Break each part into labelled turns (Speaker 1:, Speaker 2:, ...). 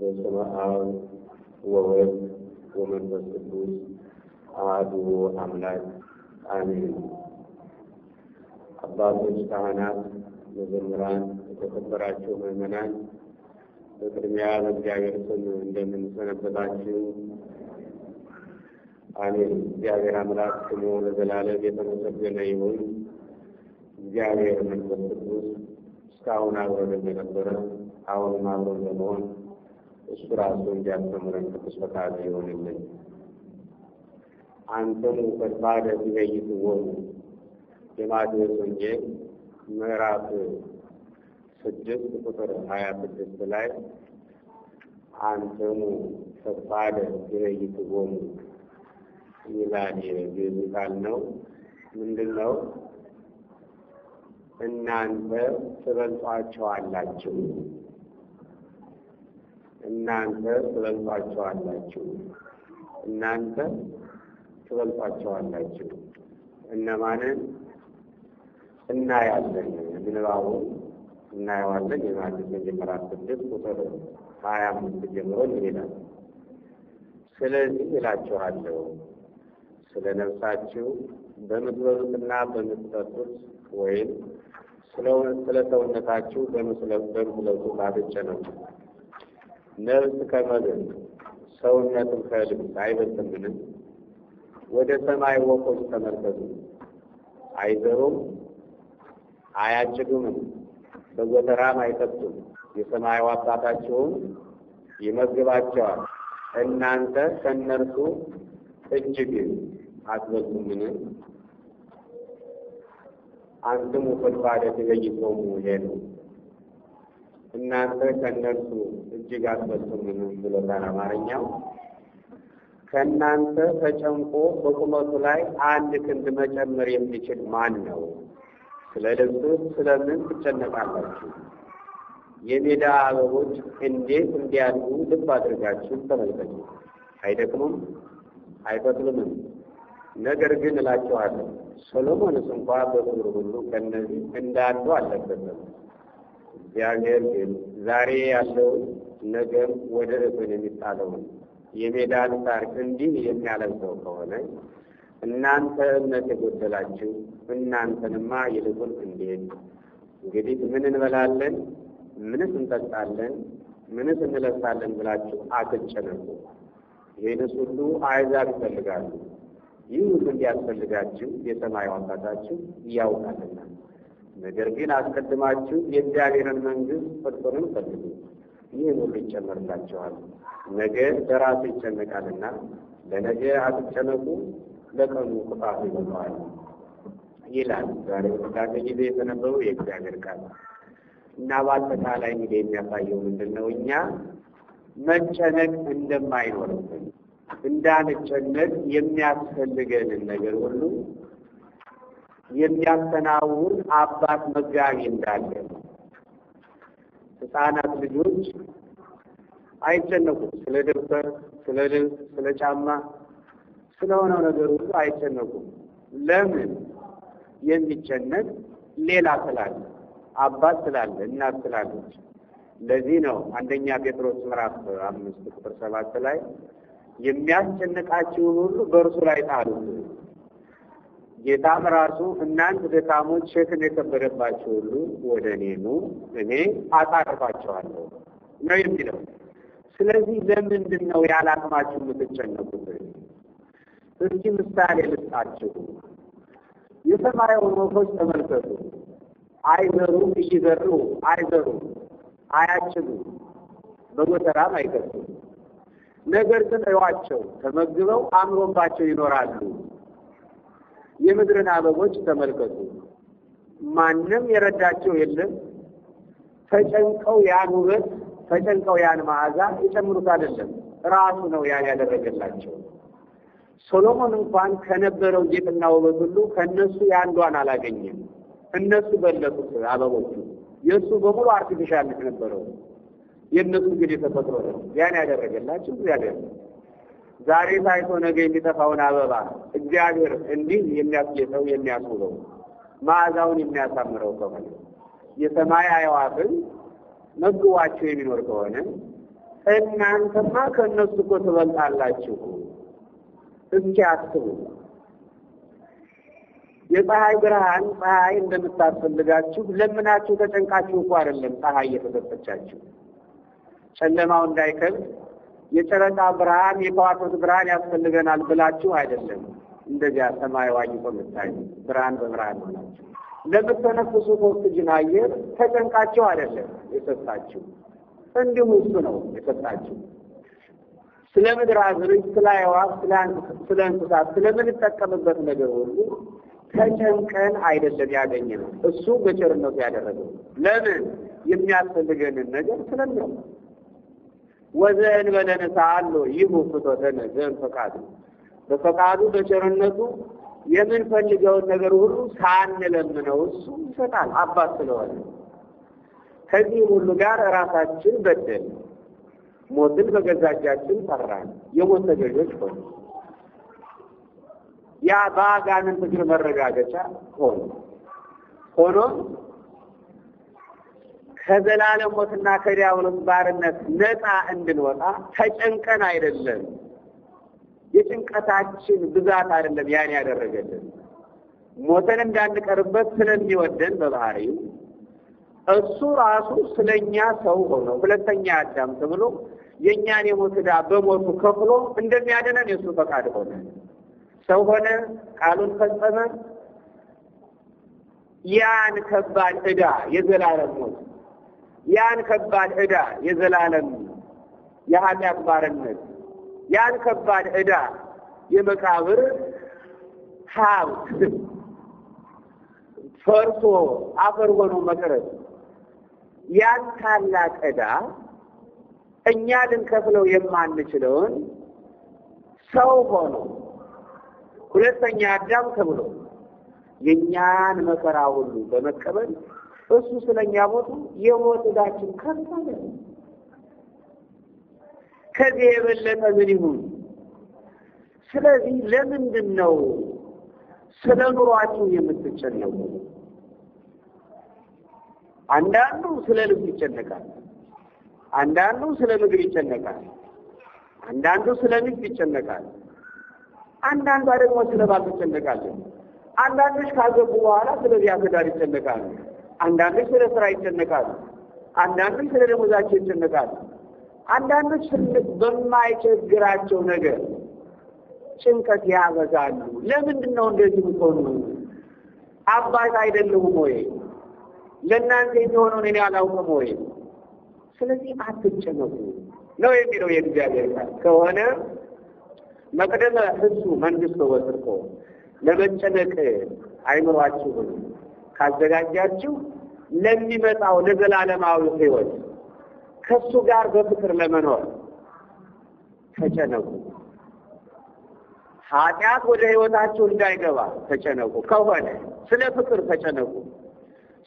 Speaker 1: በስመ አብ ወወልድ ወመንፈስ ቅዱስ አሐዱ አምላክ አሜን። አባቶች፣ ካህናት፣ መዘምራን፣ የተከበራችሁ ምዕመናን በቅድሚያ በእግዚአብሔር ስም እንደምንሰነበታችሁ አሜን። እግዚአብሔር አምላክ ስሙ ለዘላለም የተመሰገነ ይሁን። እግዚአብሔር መንፈስ ቅዱስ እስካሁን አብሮን እንደነበረ አሁንም አብሮን ለመሆን እሱ ራሱ እንዲያስተምረን ቅዱስ ፈቃዱ ይሆንልን። አንተሙ ፈድፋደ ሲበይት ወሩ የማቴዎስ ወንጌል ምዕራፍ ስድስት ቁጥር ሀያ ስድስት ላይ አንተሙ ፈድፋደ ቢበይት ወኑ ይላል ግዕዝ ቃል ነው። ምንድን ነው? እናንተ ትበልጧቸዋላችሁ እናንተ ትበልጧቸዋላችሁ እናንተ ትበልጧቸዋላችሁ እነማንን እናያለን ምንባቡን እናየዋለን የማለት መጀመሪያ ስድስት ቁጥር ሀያ አምስት ጀምሮ ይሄዳል ስለዚህ እላችኋለሁ ስለ ነፍሳችሁ በምትበሉትና በምትጠጡት ወይም ስለ ሰውነታችሁ በምትለብሱት አትጨነቁ ነፍስ ከመድን ሰውነትም ከልብስ አይበልጥምን ወደ ሰማይ ወፎች ተመልከቱ፣ አይዘሩም አያጭዱምም፣ በጎተራም አይጠጡም፣ የሰማይ አባታችሁም ይመግባቸዋል። እናንተ ከእነርሱ እጅግ አትበልጡምን? አንድም ፈልፋደ ትበይቶሙ ይሄ ነው እናንተ ከእነርሱ እጅግ አትበልጡምን ብሎታል አማርኛው። ከእናንተ ተጨንቆ በቁመቱ ላይ አንድ ክንድ መጨመር የሚችል ማን ነው? ስለ ልብስህ ስለምን ትጨነቃላችሁ? የሜዳ አበቦች እንዴት እንዲያድጉ ልብ አድርጋችሁ ተመልከቱ። አይደክሙም፣ አይበቅሉምም። ነገር ግን እላችኋለሁ ሰሎሞንስ እንኳ በክብር ሁሉ ከእነዚህ እንዳንዱ አልለበሰም። እግዚአብሔር ግን ዛሬ ያለው ነገም ወደ እቶን የሚጣለውን የሜዳን ሳር እንዲህ የሚያለብሰው ከሆነ እናንተ እምነት የጎደላችሁ እናንተንማ ይልቁን እንዴት እንግዲህ ምን እንበላለን፣ ምንስ እንጠጣለን፣ ምንስ እንለብሳለን ብላችሁ አትጨነቁ። ይህንስ ሁሉ አሕዛብ ይፈልጋሉ። ይህ ሁሉ እንዲያስፈልጋችሁ የሰማዩ አባታችሁ ያውቃልና ነገር ግን አስቀድማችሁ የእግዚአብሔርን መንግስት ጽድቁንም ፈልጉ፣ ይህን ሁሉ ይጨመርላችኋል። ነገ ለራሱ ይጨነቃልና ለነገ አትጨነቁ፣ ለቀኑ ክፋቱ ይበቃዋል ይላል። ዛሬ በታገ ጊዜ የተነበበው የእግዚአብሔር ቃል እና በአጠቃላይ እንግዲህ የሚያሳየው ምንድን ነው? እኛ መጨነቅ እንደማይኖርብን እንዳንጨነቅ የሚያስፈልገንን ነገር ሁሉ የሚያከናውን አባት መጋቢ እንዳለ ህፃናት ልጆች አይጨነቁም። ስለ ደብተር፣ ስለ ልብስ፣ ስለ ጫማ፣ ስለሆነው ነገር ሁሉ አይጨነቁም። ለምን የሚጨነቅ ሌላ ስላለ አባት ስላለ እናት ስላለች። ለዚህ ነው አንደኛ ጴጥሮስ ምዕራፍ አምስት ቁጥር ሰባት ላይ የሚያስጨንቃችሁን ሁሉ በእርሱ ላይ ጣሉ ጌታም ራሱ እናንት ደካሞች ሸክም የከበደባቸው ሁሉ ወደ እኔ ኑ እኔ አሳርፋቸዋለሁ ነው የሚለው። ስለዚህ ለምንድን ነው ያለ አቅማችሁ የምትጨነቁት? እስኪ ምሳሌ ልስጣችሁ። የሰማያውን ወፎች ተመልከቱ። አይዘሩ እየዘሩ አይዘሩ አያችሉ በጎተራም አይከቱም። ነገር ግን እዋቸው ተመግበው አምሮባቸው ይኖራሉ። የምድርን አበቦች ተመልከቱ። ማንም የረዳቸው የለም። ተጨንቀው ያን ውበት ተጨንቀው ያን መዓዛ ይጨምሩት አይደለም፣ ራሱ ነው ያን ያደረገላቸው። ሶሎሞን እንኳን ከነበረው ጌጥና ውበት ሁሉ ከእነሱ የአንዷን አላገኘም። እነሱ በለጡት አበቦቹ። የእሱ በሙሉ አርቲፊሻልነት ነበረው። የእነሱ ግን የተፈጥሮ ነው። ያን ያደረገላቸው እግዚአብሔር ነው። ዛሬ ታይቶ ነገ የሚጠፋውን አበባ እግዚአብሔር እንዲህ የሚያስጌጠው የሚያስውበው መዓዛውን የሚያሳምረው ከሆነ የሰማይ አዕዋፍን መግቧቸው የሚኖር ከሆነ እናንተማ ከእነሱ እኮ ትበልጣላችሁ። እስኪ አስቡ። የፀሐይ ብርሃን ፀሐይ እንደምታስፈልጋችሁ ለምናችሁ ተጨንቃችሁ እኮ አይደለም ፀሐይ እየተሰጠቻችሁ ጨለማው እንዳይከብድ የጨረቃ ብርሃን የከዋክብት ብርሃን ያስፈልገናል ብላችሁ አይደለም። እንደዚያ ሰማይ ዋኝቶ የምታዩ ብርሃን በብርሃን ሆናችሁ ለምትተነፍሱት ኦክስጅን አየር ተጨንቃችሁ አይደለም የሰጣችሁ፣ እንዲሁ እሱ ነው የሰጣችሁ። ስለ ምድር አዝርዕት፣ ስለ አዕዋፍ፣ ስለ እንስሳት፣ ስለምንጠቀምበት ነገር ሁሉ ተጨንቀን አይደለም ነው። እሱ በቸርነቱ ያደረገው። ለምን የሚያስፈልገንን ነገር ስለሚያውቅ ወዘን በለነሳ አለ ይህ ይሁ ዘን ፈቃዱ በፈቃዱ በቸርነቱ የምንፈልገውን ነገር ሁሉ ሳንለምነው እሱ ይሰጣል፣ አባት ስለሆነ። ከዚህም ሁሉ ጋር ራሳችን በደል ሞትን በገዛ እጃችን ሰራን፣ የሞት ተገዦች ሆኑ። ያ በአጋንንት እግር መረጋገጫ ሆኖ ሆኖም ከዘላለም ሞትና ከዲያብሎስ ባርነት ነፃ እንድንወጣ ተጨንቀን አይደለም። የጭንቀታችን ብዛት አይደለም ያን ያደረገልን ሞተን እንዳንቀርበት ስለሚወደን በባህሪው እሱ ራሱ ስለኛ ሰው ሆኖ ሁለተኛ አዳም ተብሎ የእኛን የሞት ዕዳ በሞቱ ከፍሎ እንደሚያድነን የእሱ ፈቃድ ሆነ። ሰው ሆነ፣ ቃሉን ፈጸመ። ያን ከባድ ዕዳ የዘላለም ሞት ያን ከባድ ዕዳ የዘላለም የኃጢአት ባርነት ያን ከባድ ዕዳ የመቃብር ሀብት ፈርሶ አፈር ሆኖ መቅረት ያን ታላቅ ዕዳ እኛ ልንከፍለው የማንችለውን ሰው ሆኖ ሁለተኛ አዳም ተብሎ የእኛን መከራ ሁሉ በመቀበል እሱ ስለኛ ሞቱ የሞት ዕዳችን ከፍ አለ። ከዚህ የበለጠ ምን ይሁን? ስለዚህ ለምንድን ነው ስለ ኑሯችሁ የምትጨነቁ? አንዳንዱ ስለ ልብስ ይጨነቃል፣ አንዳንዱ ስለ ምግብ ይጨነቃል፣ አንዳንዱ ስለ ንግድ ይጨነቃል፣ አንዳንዷ ደግሞ ስለ ባል ትጨነቃለች። አንዳንዶች ካገቡ በኋላ ስለዚህ ትዳር ይጨነቃሉ። አንዳንዶች ስለ ስራ ይጨነቃሉ፣ አንዳንዶች ስለ ደሞዛቸው ይጨነቃሉ፣ አንዳንዶች በማይቸግራቸው ነገር ጭንቀት ያበዛሉ። ለምንድን ነው እንደዚህ ምትሆኑ? አባት አይደለሁም ወይ? ለእናንተ የሚሆነውን እኔ አላውቅም ወይ? ስለዚህ አትጨነቁ ነው የሚለው የእግዚአብሔር ቃል ከሆነ መቅደመ እሱ መንግስት ወስርኮ ለመጨነቅ አይምሯችሁም ካዘጋጃችሁ ለሚመጣው ለዘላለማዊ ህይወት ከሱ ጋር በፍቅር ለመኖር ተጨነቁ። ኃጢአት ወደ ህይወታችሁ እንዳይገባ ተጨነቁ። ከሆነ ስለ ፍቅር ተጨነቁ፣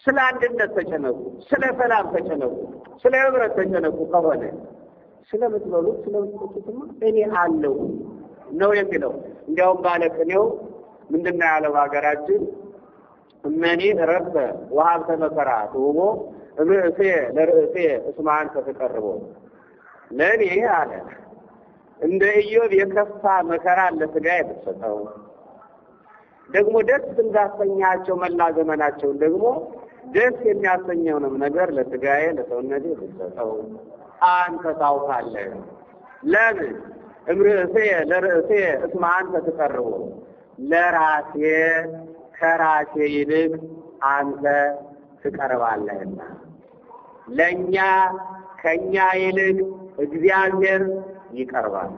Speaker 1: ስለ አንድነት ተጨነቁ፣ ስለ ሰላም ተጨነቁ፣ ስለ ህብረት ተጨነቁ። ከሆነ ስለምትበሉት ስለምትጠጡትማ እኔ አለው ነው የሚለው። እንዲያውም ባለቅኔው ምንድን ነው ያለው ሀገራችን እመኒ ረበ ወሀብተ መከራ ትውቦ እምርእሴ ለርእሴ እስማን ተተቀርቦ ለእኔ አለ እንደ ኢዮብ የከፋ መከራ ለስጋ የተሰጠው ደግሞ ደስ እንዳሰኛቸው መላ ዘመናቸውን ደግሞ ደስ የሚያሰኘውንም ነገር ለስጋዬ ለሰውነቴ የተሰጠው አንተ ታውቃለህ። ለምን እምርእሴ ለርእሴ እስመ አንተ ትቀርቦ ለራሴ ከራሴ ይልቅ አንተ ትቀርባለህና ለእኛ ከእኛ ይልቅ እግዚአብሔር ይቀርባል።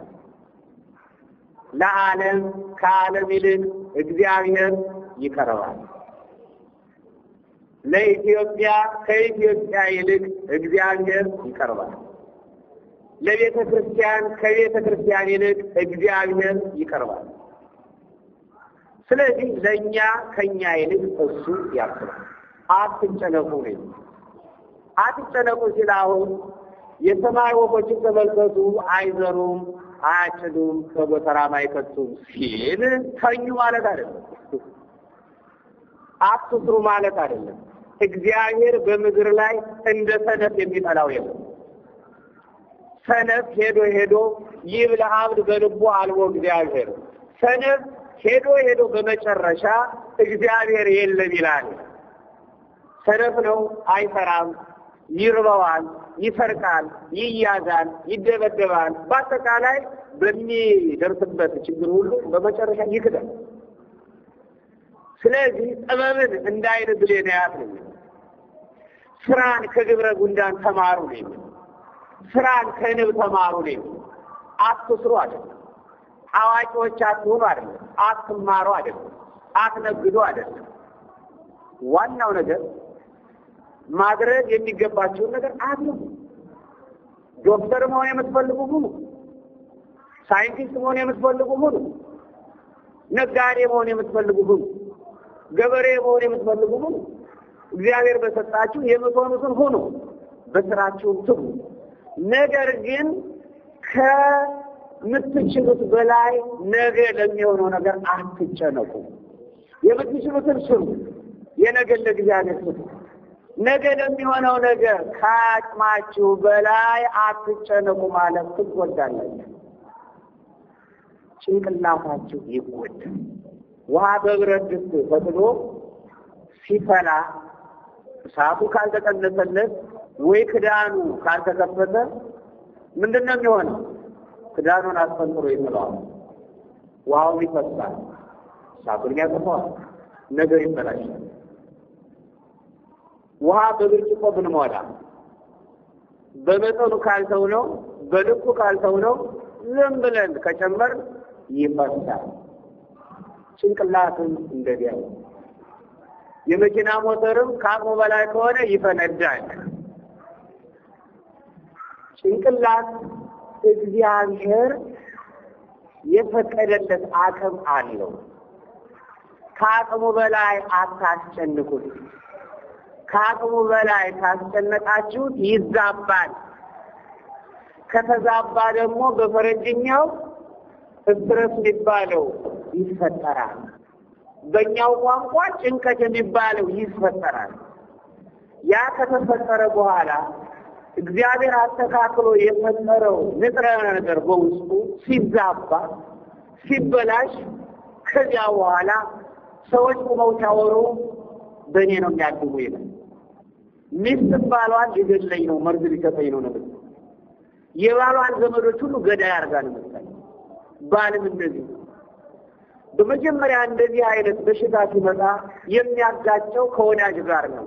Speaker 1: ለዓለም ከዓለም ይልቅ እግዚአብሔር ይቀርባል። ለኢትዮጵያ ከኢትዮጵያ ይልቅ እግዚአብሔር ይቀርባል። ለቤተ ክርስቲያን ከቤተ ክርስቲያን ይልቅ እግዚአብሔር ይቀርባል። ስለዚህ ለእኛ ከእኛ ይልቅ እሱ ያስባል። አትጨነቁ ነው አትጨነቁ ሲል አሁን የሰማይ ወፎችን ተመልከቱ፣ አይዘሩም፣ አያጭዱም፣ ከጎተራም አይከቱም ሲል ተኙ ማለት አይደለም። አትስሩ ማለት አይደለም። እግዚአብሔር በምድር ላይ እንደ ሰነፍ የሚጠላው የለም። ሰነፍ ሄዶ ሄዶ ይብለ አብድ በልቡ አልቦ እግዚአብሔር ሰነፍ ሄዶ ሄዶ በመጨረሻ እግዚአብሔር የለም ይላል። ሰነፍ ነው፣ አይፈራም፣ ይርበዋል፣ ይሰርቃል፣ ይያዛል፣ ይደበደባል። በአጠቃላይ በሚደርስበት ችግር ሁሉ በመጨረሻ ይክዳል። ስለዚህ ጥበብን እንደ አይነ ብሌን ያት ነው። ስራን ከግብረ ጉንዳን ተማሩ ነው። ስራን ከንብ ተማሩ ነው። አትስሩ አይደለም አዋቂዎች አትሆኑ አይደለም፣ አትማሩ አይደለም፣ አትነግዱ አይደለም። ዋናው ነገር ማድረግ የሚገባቸውን ነገር አድርጉ። ዶክተር መሆን የምትፈልጉ ሁኑ። ሳይንቲስት መሆን የምትፈልጉ ሁኑ። ነጋዴ መሆን የምትፈልጉ ሁኑ። ገበሬ መሆን የምትፈልጉ ሁኑ። እግዚአብሔር በሰጣችሁ የምትሆኑትን ሁኑ። በስራችሁ ትጉ። ነገር ግን ከ የምትችሉት በላይ ነገ ለሚሆነው ነገር አትጨነቁ። የምትችሉትን ስሩ። የነገ ለእግዚአብሔር ስጡ። ነገ ለሚሆነው ነገር ከአቅማችሁ በላይ አትጨነቁ ማለት ትጎዳላችሁ። ጭንቅላታችሁ ይጎዳል። ውሃ በብረት ድስት ፈጥኖ ሲፈላ እሳቱ ካልተቀነሰለት ወይ ክዳኑ ካልተከፈተ ምንድን ነው የሚሆነው? ክዳኑን አስፈንጥሮ ይጥለዋል። ውሃውም ይፈሳል፣ እሳቱን ያጠፋዋል፣ ነገር ይበላሻል። ውሃ በብርጭቆ ብንሞላ በመጠኑ ካልተው ነው በልኩ ካልተው ነው ዝም ብለን ከጨመር ይፈሳል። ጭንቅላትም እንደዚያ የመኪና ሞተርም ከአቅሙ በላይ ከሆነ ይፈነዳል። ጭንቅላት እግዚአብሔር የፈቀደለት አቅም አለው። ከአቅሙ በላይ አታስጨንቁት። ከአቅሙ በላይ ካስጨነቃችሁት ይዛባል። ከተዛባ ደግሞ በፈረንጅኛው እብረት የሚባለው ይፈጠራል። በእኛው ቋንቋ ጭንቀት የሚባለው ይፈጠራል። ያ ከተፈጠረ በኋላ እግዚአብሔር አስተካክሎ የፈጠረው ንጥረ ነገር በውስጡ ሲዛባ ሲበላሽ፣ ከዚያ በኋላ ሰዎች ቁመው ሲያወሩ በእኔ ነው የሚያግቡ ይላል። ሚስት ባሏን ሊገድለኝ ነው መርዝ ሊሰጠኝ ነው ነበር። የባሏን ዘመዶች ሁሉ ገዳይ አድርጋ ነው መሰለኝ። ባልም እንደዚህ ነው። በመጀመሪያ እንደዚህ አይነት በሽታ ሲመጣ የሚያጋጨው ከወዳጅ ጋር ነው።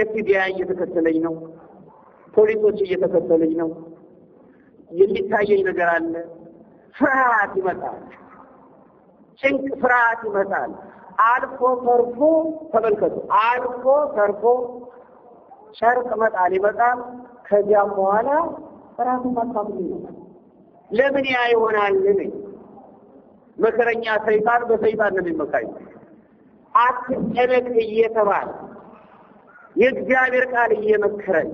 Speaker 1: ኤፍቢአይ እየተከተለኝ ነው፣ ፖሊሶች እየተከተለኝ ነው፣ የሚታየኝ ነገር አለ። ፍርሃት ይመጣል፣ ጭንቅ ፍርሃት ይመጣል። አልፎ ተርፎ ተመልከቱ፣ አልፎ ተርፎ ጨርቅ መጣል ይመጣል። ከዚያም በኋላ ራሱ ማካፍል ይመጣል። ለምን ያ ይሆናል? መከረኛ ሰይጣን በሰይጣን ነው የሚመካኝ። አትጨነቅ እየተባለ የእግዚአብሔር ቃል እየመከረን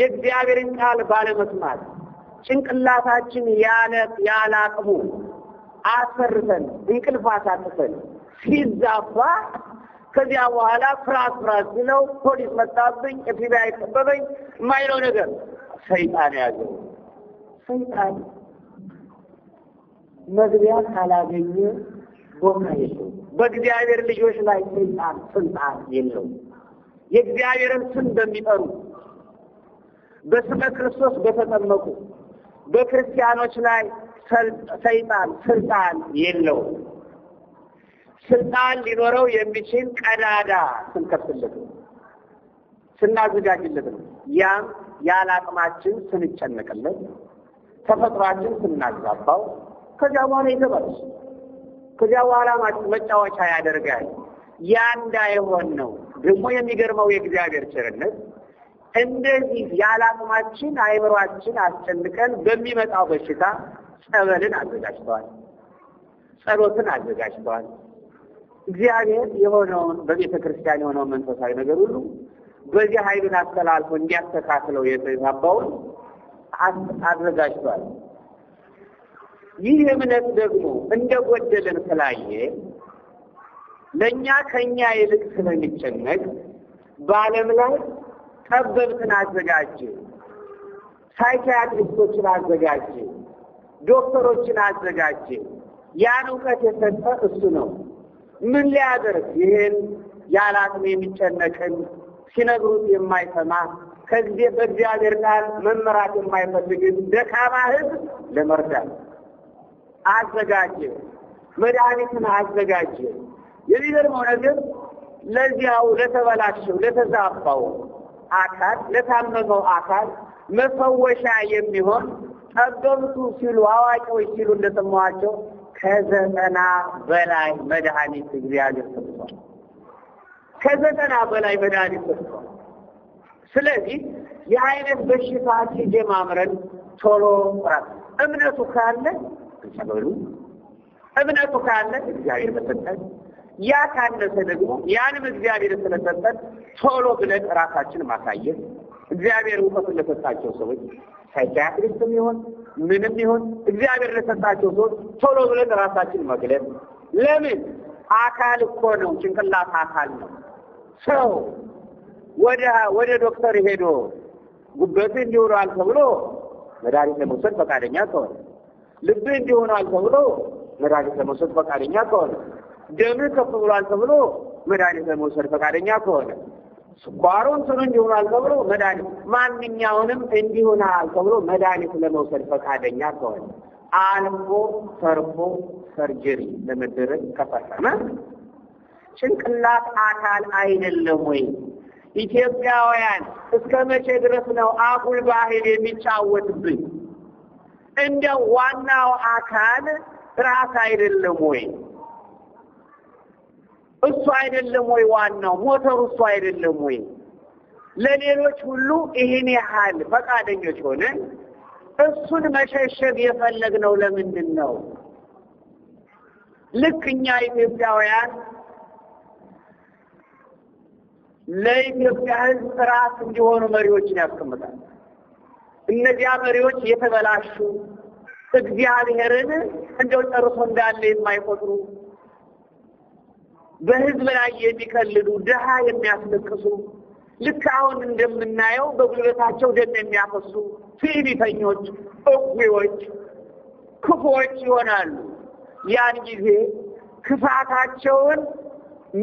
Speaker 1: የእግዚአብሔርን ቃል ባለመስማት ጭንቅላታችን ያለ ያለ አቅሙ አሰርተን እንቅልፍ አሳጥፈን ሲዛባ ከዚያ በኋላ ፍራስ ፍራስ ሲለው ፖሊስ መጣብኝ፣ ኤፍቢአይ አይጠበበኝ የማይለው ነገር ሰይጣን ያዘው። ሰይጣን መግቢያ ካላገኘ ቦታ የለው። በእግዚአብሔር ልጆች ላይ ሰይጣን ስልጣን የለው። የእግዚአብሔርን ስም በሚጠሩ በስመ ክርስቶስ በተጠመቁ በክርስቲያኖች ላይ ሰይጣን ስልጣን የለው ስልጣን ሊኖረው የሚችል ቀዳዳ ስንከፍትለት ነው፣ ስናዘጋጅለት ነው። ያም ያለ አቅማችን ስንጨነቅለት፣ ተፈጥሯችን ስናዛባው፣ ከዚያ በኋላ ይገባል። ከዚያ በኋላ መጫወቻ ያደርጋል። ያ እንዳይሆን ነው ደግሞ የሚገርመው የእግዚአብሔር ቸርነት እንደዚህ ያላቅማችን አይምሯችን አስጨንቀን በሚመጣው በሽታ ጸበልን አዘጋጅተዋል፣ ጸሎትን አዘጋጅተዋል። እግዚአብሔር የሆነውን በቤተ ክርስቲያን የሆነውን መንፈሳዊ ነገር ሁሉ በዚህ ኃይሉን አስተላልፎ እንዲያስተካክለው የተዛባውን አዘጋጅቷል። ይህ እምነት ደግሞ እንደጎደለን ስላየ ለእኛ ከእኛ ይልቅ ስለሚጨነቅ በዓለም ላይ ጠበብትን አዘጋጀ፣ ሳይኪያትሪስቶችን አዘጋጀ፣ ዶክተሮችን አዘጋጀ። ያን እውቀት የሰጠ እሱ ነው። ምን ሊያደርግ ይህን ያለ የሚጨነቅን ሲነግሩት የማይሰማ ከጊዜ በእግዚአብሔር ቃል መመራት የማይፈልግን ደካማ ህዝብ ለመርዳት አዘጋጀ፣ መድኃኒትን አዘጋጀ። የሚገርመው ነገር ለዚያው ለተበላሸው ለተዛባው አካል ለታመመው አካል መፈወሻ የሚሆን ጠበብቱ ሲሉ አዋቂዎች ሲሉ እንደሰማኋቸው ከዘጠና በላይ መድኃኒት እግዚአብሔር ሰጥቷል። ከዘጠና በላይ መድኃኒት ሰጥቷል። ስለዚህ የአይነት በሽታ ሲጀማምረን ቶሎ ራት እምነቱ ካለ እንጸበሉ እምነቱ ካለ እግዚአብሔር በሰጠን ያ ካነሰ ደግሞ ያንም እግዚአብሔር ስለሰጠን ቶሎ ብለን ራሳችን ማሳየት እግዚአብሔር እውቀት ለሰጣቸው ሰዎች ሳይኪያትሪስትም ይሆን ምንም ይሆን እግዚአብሔር ለሰጣቸው ሰዎች ቶሎ ብለን ራሳችን መግለጥ። ለምን አካል እኮ ነው፣ ጭንቅላት አካል ነው። ሰው ወደ ወደ ዶክተር ሄዶ ጉበት እንዲሆነዋል ተብሎ መድኃኒት ለመውሰድ ፈቃደኛ ከሆነ ልብ እንዲሆነዋል ተብሎ መድኃኒት ለመውሰድ ፈቃደኛ ከሆነ ደምህ ከፍ ብሏል ተብሎ መድኃኒት ለመውሰድ ፈቃደኛ ከሆነ ስኳሩ እንትኑ እንዲሆናል ተብሎ መድኃኒት ማንኛውንም እንዲሆናል ተብሎ መድኃኒት ለመውሰድ ፈቃደኛ ከሆነ አልፎ ተርፎ ሰርጀሪ ለመደረግ ከፈረመ ጭንቅላት አካል አይደለም ወይ? ኢትዮጵያውያን እስከ መቼ ድረስ ነው አጉል ባህል የሚጫወትብኝ? እንደ ዋናው አካል ራስ አይደለም ወይ? እሱ አይደለም ወይ ዋናው ሞተሩ እሱ አይደለም ወይ? ለሌሎች ሁሉ ይህን ያህል ፈቃደኞች ሆነን እሱን መሸሸግ የፈለግነው ለምንድን ነው? ልክ እኛ ኢትዮጵያውያን ለኢትዮጵያ ሕዝብ ስርዓት እንዲሆኑ መሪዎችን ያስቀምጣል። እነዚያ መሪዎች የተበላሹ እግዚአብሔርን እንደው ጨርሶ እንዳለ የማይቆጥሩ በህዝብ ላይ የሚቀልዱ ድሃ የሚያስለቅሱ ልክ አሁን እንደምናየው በጉልበታቸው ደም የሚያፈሱ ትዕቢተኞች፣ እኩዎች፣ ክፉዎች ይሆናሉ። ያን ጊዜ ክፋታቸውን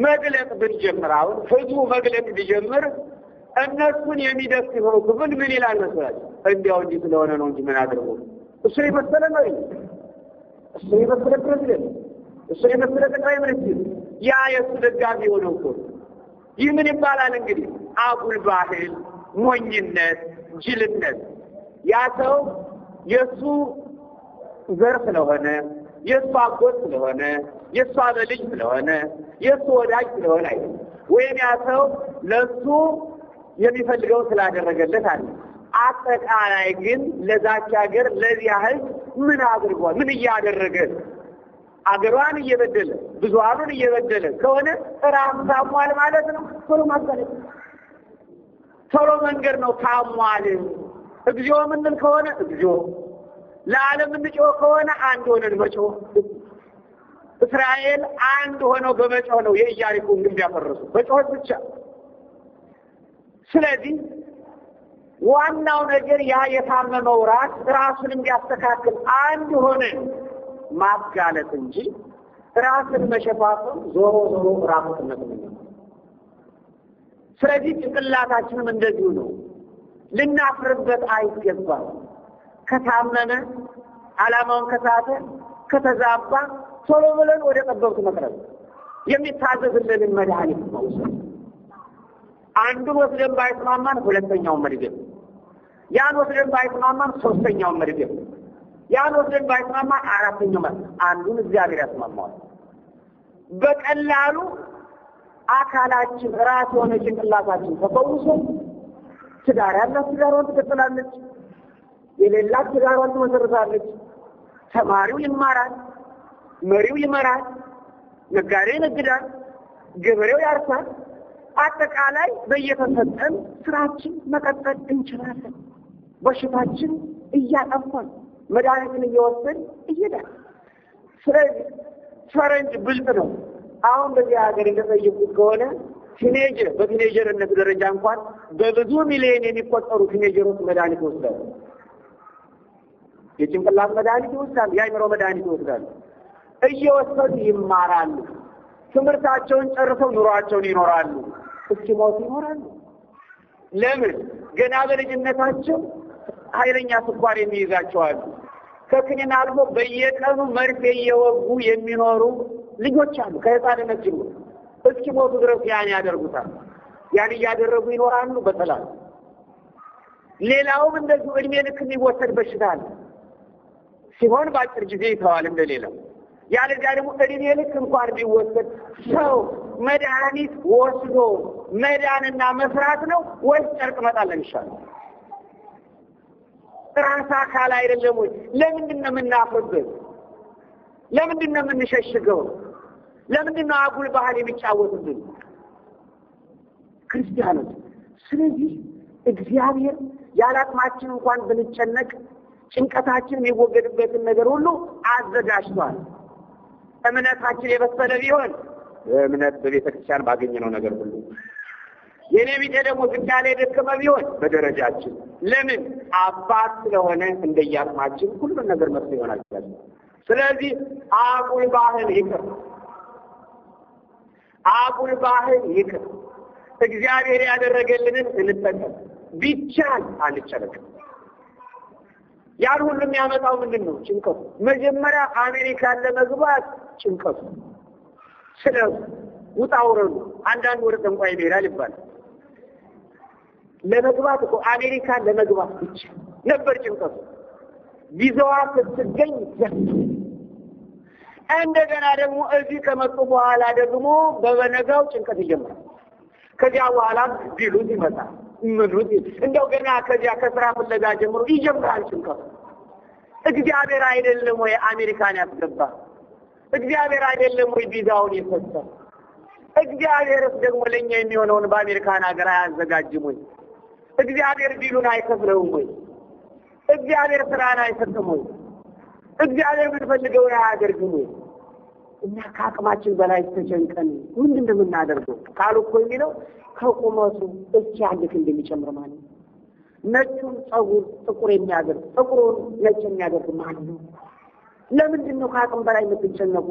Speaker 1: መግለጥ ብንጀምር አሁን ህዝቡ መግለጥ ቢጀምር እነሱን የሚደግፈው ክፍል ምን ይላል መሰላችሁ? እንዲያው እንዲህ ስለሆነ ነው እንጂ ምን አድርጎ እሱ የመሰለ መሪ እሱ የመሰለ ፕሬዚደንት እሱ የመሰለ ጠቅላይ ሚኒስትር ያ የእሱ ደጋፊ የሆነው እኮ ይህ ምን ይባላል እንግዲህ? አጉል ባህል፣ ሞኝነት፣ ጅልነት። ያ ሰው የእሱ ዘር ስለሆነ የእሱ አጎት ስለሆነ የእሱ አበልጅ ስለሆነ የእሱ ወዳጅ ስለሆነ አይ ወይም ያ ሰው ለእሱ የሚፈልገው ስላደረገለት አለ። አጠቃላይ ግን ለዛች ሀገር ለዚያ ህዝብ ምን አድርጓል? ምን እያደረገ አገሯን እየበደለ ብዙሃኑን እየበደለ ከሆነ ራሱ ታሟል ማለት ነው። ቶሎ ማስጠለቅ ቶሎ መንገድ ነው። ታሟል እግዚኦ ምንል ከሆነ እግዚኦ ለዓለም እንጮህ ከሆነ አንድ ሆነን መጮህ እስራኤል አንድ ሆነው በመጮህ ነው የኢያሪኮን ግንብ ያፈረሱ በጮህ ብቻ። ስለዚህ ዋናው ነገር ያ የታመመው ራስ ራሱን እንዲያስተካክል አንድ ሆነን ማጋለጥ እንጂ ራስን መሸፋፈን ዞሮ ዞሮ ራቁትነት ነው። ስለዚህ ጭንቅላታችንም እንደዚሁ ነው። ልናፍርበት አይገባም። ከታመነ ዓላማውን ከሳተ ከተዛባ ቶሎ ብለን ወደ ጠበብቱ መቅረብ፣ የሚታዘዝልንን መድኃኒት መውሰድ፣ አንዱን ወስደን ባይስማማን ሁለተኛውን መድገም፣ ያን ወስደን ባይስማማን ሶስተኛውን መድገም ያን ወስደን ባይስማማ አራተኛው ማለት አንዱን እግዚአብሔር ያስማማዋል። በቀላሉ አካላችን ራስ የሆነ ጭንቅላታችን ተፈውሶ ትዳር ያላት ትዳሯን ትቀጥላለች፣ የሌላት ትዳሯን ትመሰርታለች። ተማሪው ይማራል፣ መሪው ይመራል፣ ነጋዴው ይነግዳል፣ ገበሬው ያርሳል። አጠቃላይ በየተሰጠን ስራችን መቀጠል እንችላለን። በሽታችን እያጠፋን መድኃኒትን እየወሰድ እየዳ ስለዚህ ፈረንጅ ብልጥ ነው። አሁን በዚህ ሀገር እንደጠየቁት ከሆነ ቲኔጀር በቲኔጀርነት ደረጃ እንኳን በብዙ ሚሊዮን የሚቆጠሩ ቲኔጀሮች መድኃኒት ይወስዳሉ። የጭንቅላት መድኃኒት ይወስዳሉ፣ የአይምሮ መድኃኒት ይወስዳሉ። እየወሰዱ ይማራሉ። ትምህርታቸውን ጨርሰው ኑሯቸውን ይኖራሉ። እስኪሞቱ ይኖራሉ። ለምን? ገና በልጅነታቸው ኃይለኛ ስኳር የሚይዛቸዋሉ። ከክኒን አልፎ በየቀኑ መርፌ እየወጉ የሚኖሩ ልጆች አሉ። ከህፃንነት እስኪ ሞቱ ድረስ ያን ያደርጉታል። ያን እያደረጉ ይኖራሉ በሰላም። ሌላውም እንደዚሁ እድሜ ልክ የሚወሰድ በሽታ አለ። ሲሆን በአጭር ጊዜ ይተዋል እንደሌላው። ያለዚያ ደግሞ እድሜ ልክ እንኳን ቢወሰድ ሰው መድኃኒት ወስዶ መዳንና መስራት ነው ወይስ ጨርቅ መጣለን ይሻላል? ራስ አካል አይደለም ወይ? ለምንድን ነው የምናፍርበት? ለምንድን ነው የምንሸሽገው? ለምንድን ነው አጉል ባህል የሚጫወትብን ክርስቲያኖች? ስለዚህ እግዚአብሔር ያላቅማችን እንኳን ብንጨነቅ ጭንቀታችን የሚወገድበትን ነገር ሁሉ አዘጋጅቷል። እምነታችን የበሰለ ቢሆን እምነት በቤተክርስቲያን ባገኘነው ነገር ሁሉ የኔ ቢጤ ደግሞ ዝቅ ያለ የደከመ ቢሆን በደረጃችን ለምን አባት ስለሆነ እንደያቅማችን ሁሉን ነገር መፍትሄ ይሆናል። ስለዚህ አጉል ባህል ይቅር፣ አጉል ባህል ይቅር። እግዚአብሔር ያደረገልንን እንጠቀም፣ ቢቻል አንጨነቅም። ያን ሁሉ የሚያመጣው ምንድን ነው? ጭንቀቱ። መጀመሪያ አሜሪካን ለመግባት ጭንቀቱ ስለ ውጣ ውረዱ። አንዳንድ ወደ ጠንቋይ ይሄዳል ይባላል ለመግባት እኮ አሜሪካ ለመግባት ብቻ ነበር ጭንቀቱ። ቪዛዋ ስትገኝ እንደገና ደግሞ እዚህ ከመጡ በኋላ ደግሞ በበነጋው ጭንቀት ይጀምራል። ከዚያ በኋላ ቢሉት ይመጣል፣ ምኑት እንደው ገና ከዚያ ከስራ ፍለጋ ጀምሮ ይጀምራል ጭንቀቱ። እግዚአብሔር አይደለም ወይ አሜሪካን ያስገባ? እግዚአብሔር አይደለም ወይ ቪዛውን የፈሰ? እግዚአብሔርስ ደግሞ ለእኛ የሚሆነውን በአሜሪካን ሀገር አያዘጋጅም ወይ? እግዚአብሔር ቢሉን አይከፍለውም ወይ? እግዚአብሔር ስራን አይሰጥም ወይ? እግዚአብሔር የምንፈልገውን አያደርግም ወይ? እኛ ከአቅማችን በላይ ተጨንቀን ምንድን እንደምናደርገው ቃሉ እኮ የሚለው ከቁመቱ እስኪ አንድ ክንድ የሚጨምር ማለት ነው። ነጩን ጸጉር ጥቁር የሚያደርግ ጥቁሩን ነጭ የሚያደርግ ማን ነው? ለምንድን ነው ከአቅም በላይ የምትጨነቁ?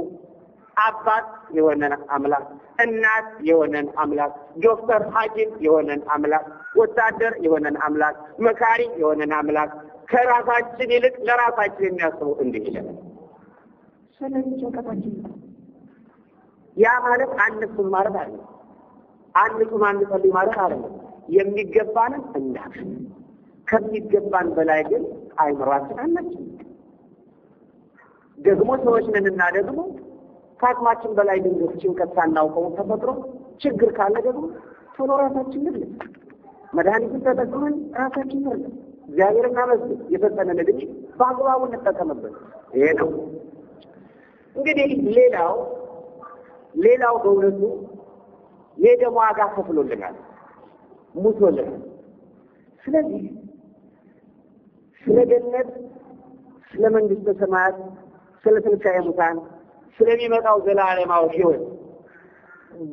Speaker 1: አባት የሆነን አምላክ፣ እናት የሆነን አምላክ፣ ዶክተር ሐኪም የሆነን አምላክ፣ ወታደር የሆነን አምላክ፣ መካሪ የሆነን አምላክ ከራሳችን ይልቅ ለራሳችን የሚያስቡ እንዲህ ይለን ያ ማለት አንሱም ማለት አለ አንሱም አንጸልይ ማለት አለ የሚገባንን እናክ ከሚገባን በላይ ግን አይምሯችን አናችን ደግሞ ሰዎች ነንና ደግሞ ከአቅማችን በላይ ድንገት ጭንቀት ሳናውቀው ተፈጥሮ ችግር ካለ ደግሞ ቶሎ ራሳችን ልብ መድኃኒትን ተጠቅመን ራሳችን ልብ እግዚአብሔር እናመስግ። የሰጠንን ዕድሜ በአግባቡ እንጠቀምበት። ይሄ ነው እንግዲህ። ሌላው ሌላው በእውነቱ የደም ዋጋ ከፍሎልናል፣ ሙቶልናል። ስለዚህ ስለ ገነት፣ ስለ ሰማያት፣ ስለ ትንሣኤ ሙታን ስለሚመጣው ዘላለማዊ ሕይወት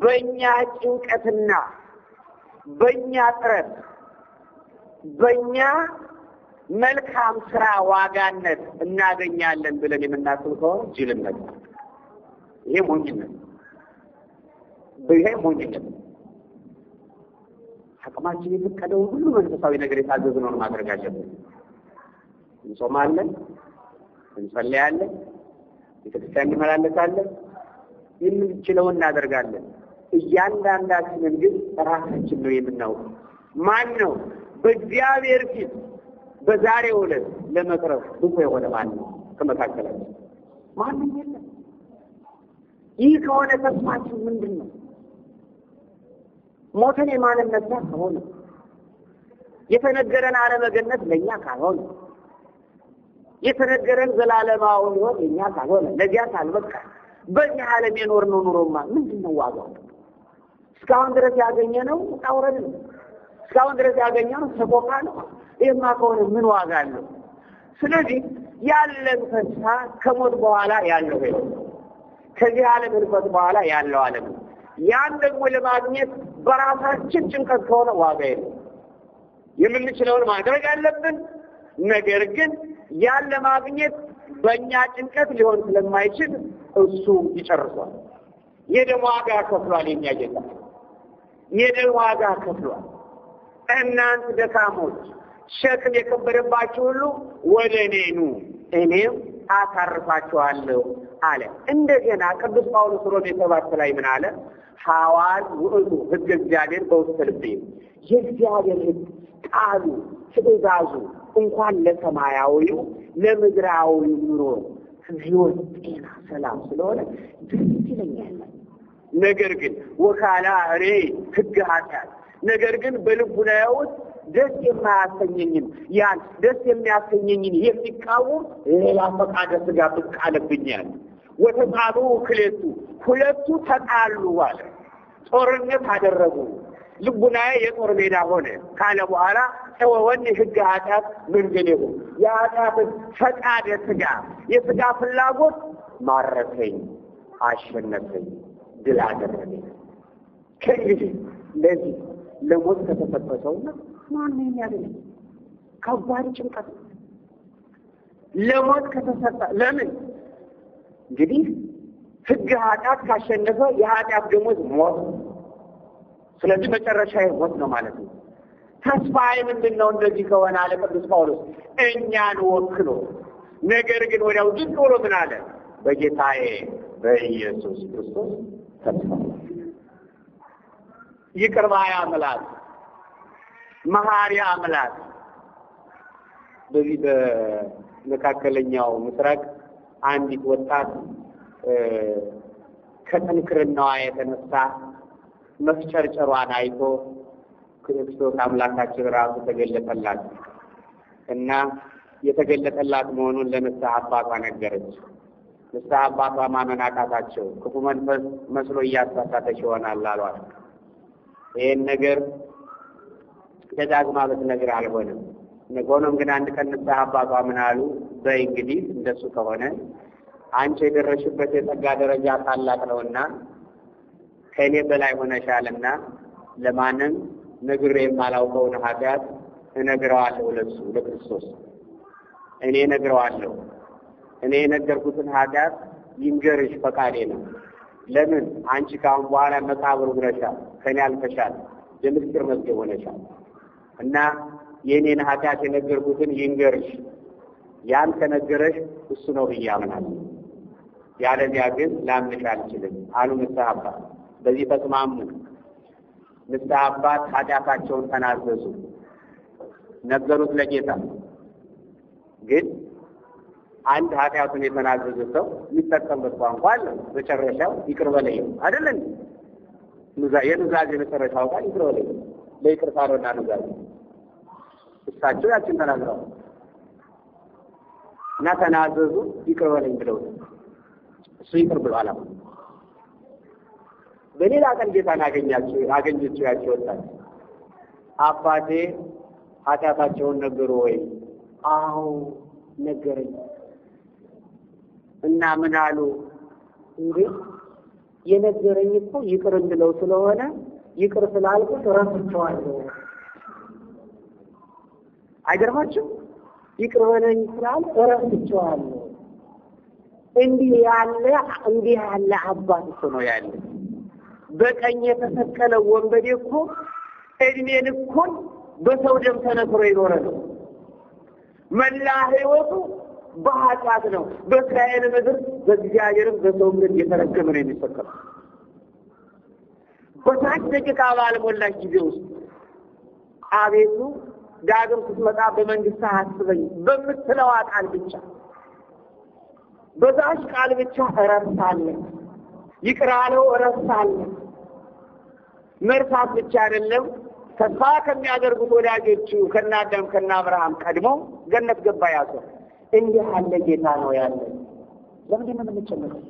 Speaker 1: በእኛ ጭንቀትና በእኛ ጥረት በእኛ መልካም ስራ ዋጋነት እናገኛለን ብለን የምናስብ ከሆነ ጅልነት፣ ይሄ ሞኝነት፣ ይሄ ሞኝነት። አቅማችን የፈቀደውን ሁሉ መንፈሳዊ ነገር የታዘዝነውን ማድረግ አለብን። እንጾማለን፣ እንጸለያለን ቤተክርስቲያን እንመላለሳለን፣ የምንችለውን እናደርጋለን። እያንዳንዳችንን ግን ራሳችን ነው የምናውቀው። ማን ነው በእግዚአብሔር ፊት በዛሬ ዕለት ለመቅረብ ብቁ የሆነ ማን ነው ከመካከላችን? ማንም የለም። ይህ ከሆነ ተስፋችን ምንድን ነው? ሞትን የማንነሳ ከሆነ የተነገረን አለመገነት ለእኛ ካልሆነ የተነገረን ዘላለማውን ይሆን እኛ ካልሆነ ለዚያ ካልበቃ በዚህ ዓለም ነው ኑሮማ ምንድን ነው ዋጋው? እስካሁን ድረስ ያገኘነው ነው ውረድ እስካሁን ድረስ ነው ሰቆቃ ነው። ይህማ ከሆነ ምን ዋጋ አለው? ስለዚህ ያለን ተስፋ ከሞት በኋላ ያለው ነው ከዚህ ዓለም ህልፈት በኋላ ያለው ዓለም ነው። ያን ደግሞ ለማግኘት በራሳችን ጭንቀት ከሆነ ዋጋ የለም። የምንችለውን ማድረግ አለብን። ነገር ግን ያን ለማግኘት በእኛ ጭንቀት ሊሆን ስለማይችል እሱ ይጨርሷል። የደም ዋጋ ከፍሏል። የኛ ጌታ የደም ዋጋ ከፍሏል። እናንት ደካሞች፣ ሸክም የከበደባችሁ ሁሉ ወደ እኔ ኑ እኔም አሳርፋችኋለሁ አለ። እንደገና ቅዱስ ጳውሎስ ሮሜ ሰባት ላይ ምን አለ? ሐዋዝ ውእቱ ሕግ እግዚአብሔር በውስጥ ልቤ የእግዚአብሔር ሕግ ቃሉ ትእዛዙ እንኳን ለሰማያዊው ለምድራዊው ኑሮ ሕይወት፣ ጤና፣ ሰላም ስለሆነ ደስ ይለኛል። ነገር ግን ወካላ ሬ ህግ ኃጢአት ነገር ግን በልቡናዬ ውስጥ ደስ የማያሰኘኝን ያን ደስ የሚያሰኘኝን የሚቃወም ሌላ ፈቃደ ስጋ ብቅ አለብኛል። ወተጣሉ ክሌቱ ሁለቱ ተጣሉ አለ። ጦርነት አደረጉ። ልቡናዬ የጦር ሜዳ ሆነ ካለ በኋላ ወኒ ህግ አጣት ኃጢአት ምንግኔሁ የአጣትን ፈቃድ የስጋ የስጋ ፍላጎት ማረከኝ፣ አሸነፈኝ፣ ድል አደረገኝ። ከእንግዲህ ለዚህ ለሞት ከተሰበሰውና ማን የሚያገኝ ከባድ ጭንቀት ለሞት ከተሰጠ ለምን እንግዲህ ህግ ኃጢአት ካሸነፈ የኃጢአት ደሞዝ ሞት ስለዚህ መጨረሻ ህይወት ነው ማለት ነው። ተስፋዬ ምንድን ነው? እንደዚህ ከሆነ አለ ቅዱስ ጳውሎስ እኛን ወክሎ፣ ነገር ግን ወዲያው ዝም ብሎ ምን አለ? በጌታዬ በኢየሱስ ክርስቶስ ተስፋ ይቅር ባይ አምላክ፣ መሐሪ አምላክ በዚህ በመካከለኛው ምስራቅ አንዲት ወጣት ከጥንክርናዋ የተነሳ መፍጨርጨሯን አይቶ ክርስቶስ አምላካችን ራሱ ተገለጠላት እና የተገለጠላት መሆኑን ለንስሐ አባቷ ነገረች። ንስሐ አባቷ ማመን አቃታቸው። ክፉ መንፈስ መስሎ እያሳሳተች ይሆናል አሏት። ይህን ነገር ደጋግማ ብትነግር አልሆነም። ሆኖም ግን አንድ ቀን ንስሐ አባቷ ምን አሉ? በይ እንግዲህ እንደሱ ከሆነ አንቺ የደረሽበት የጸጋ ደረጃ ታላቅ ነውና ከእኔ በላይ ሆነሻልና ለማንም ነግሬ የማላውቀውን ኃጢአት እነግረዋለሁ ለሱ ለክርስቶስ እኔ እነግረዋለሁ። እኔ የነገርኩትን ኃጢአት ይንገርሽ ፈቃዴ ነው። ለምን አንቺ ካሁን በኋላ መቃብር ሆነሻል፣ ከኔ አልፈሻል፣ የምስጢር መዝገብ ሆነሻል እና የእኔን ኃጢአት የነገርኩትን ይንገርሽ። ያን ከነገረሽ እሱ ነው ብዬ አምናለሁ። ያለዚያ ግን ላምንሽ አልችልም አሉ ንስሐ አባት በዚህ ተስማሙ። ንስሐ አባት ኃጢአታቸውን ተናዘዙ፣ ነገሩት ለጌታ። ግን አንድ ኃጢአቱን የተናዘዘ ሰው የሚጠቀምበት ቋንቋ አለ። መጨረሻው ይቅር በለኝ አይደለም። የኑዛዜ መጨረሻው ቃል ይቅር በለኝ ለይቅርታ ነውና ኑዛዜ። እሳቸው ያችን ተናግረዋል እና ተናዘዙ፣ ይቅር በለኝ ብለው እሱ ይቅር ብሏል። በሌላ ቀን ጌታን አገኘችው ያች ወጣት። አባቴ ኃጢአታቸውን ነገሩ ወይ? አዎ ነገረኝ። እና ምን አሉ? እንግዲህ የነገረኝ እኮ ይቅር እንድለው ስለሆነ ይቅር ስላልኩት ረስቸዋለሁ። አይገርማችሁ? ይቅር በለኝ ስላል ረስቸዋለሁ። እንዲህ ያለ እንዲህ ያለ አባት እኮ ነው ያለ በቀኝ የተሰቀለው ወንበዴ እኮ እድሜ ልኩን በሰው ደም ተነክሮ የኖረ ነው። መላ ህይወቱ በኃጢአት ነው። በእስራኤል ምድር በእግዚአብሔርም በሰው ምድር የተረገመ ነው የሚሰቀለው። በታች ደቂቃ ባልሞላች ጊዜ ውስጥ አቤቱ ዳግም ስትመጣ በመንግስት አስበኝ በምትለዋ ቃል ብቻ በዛች ቃል ብቻ እረፍት አለኝ። ይቅር አለው እረሳለ። መርሳት ብቻ አይደለም፣ ተስፋ ከሚያደርጉት ወዳጆቹ ከነ አዳም ከነ አብርሃም ቀድሞ ገነት ገባ ያዘ። እንዲህ ያለ ጌታ ነው ያለ። ለምንድን ነው የምንጨነቀው?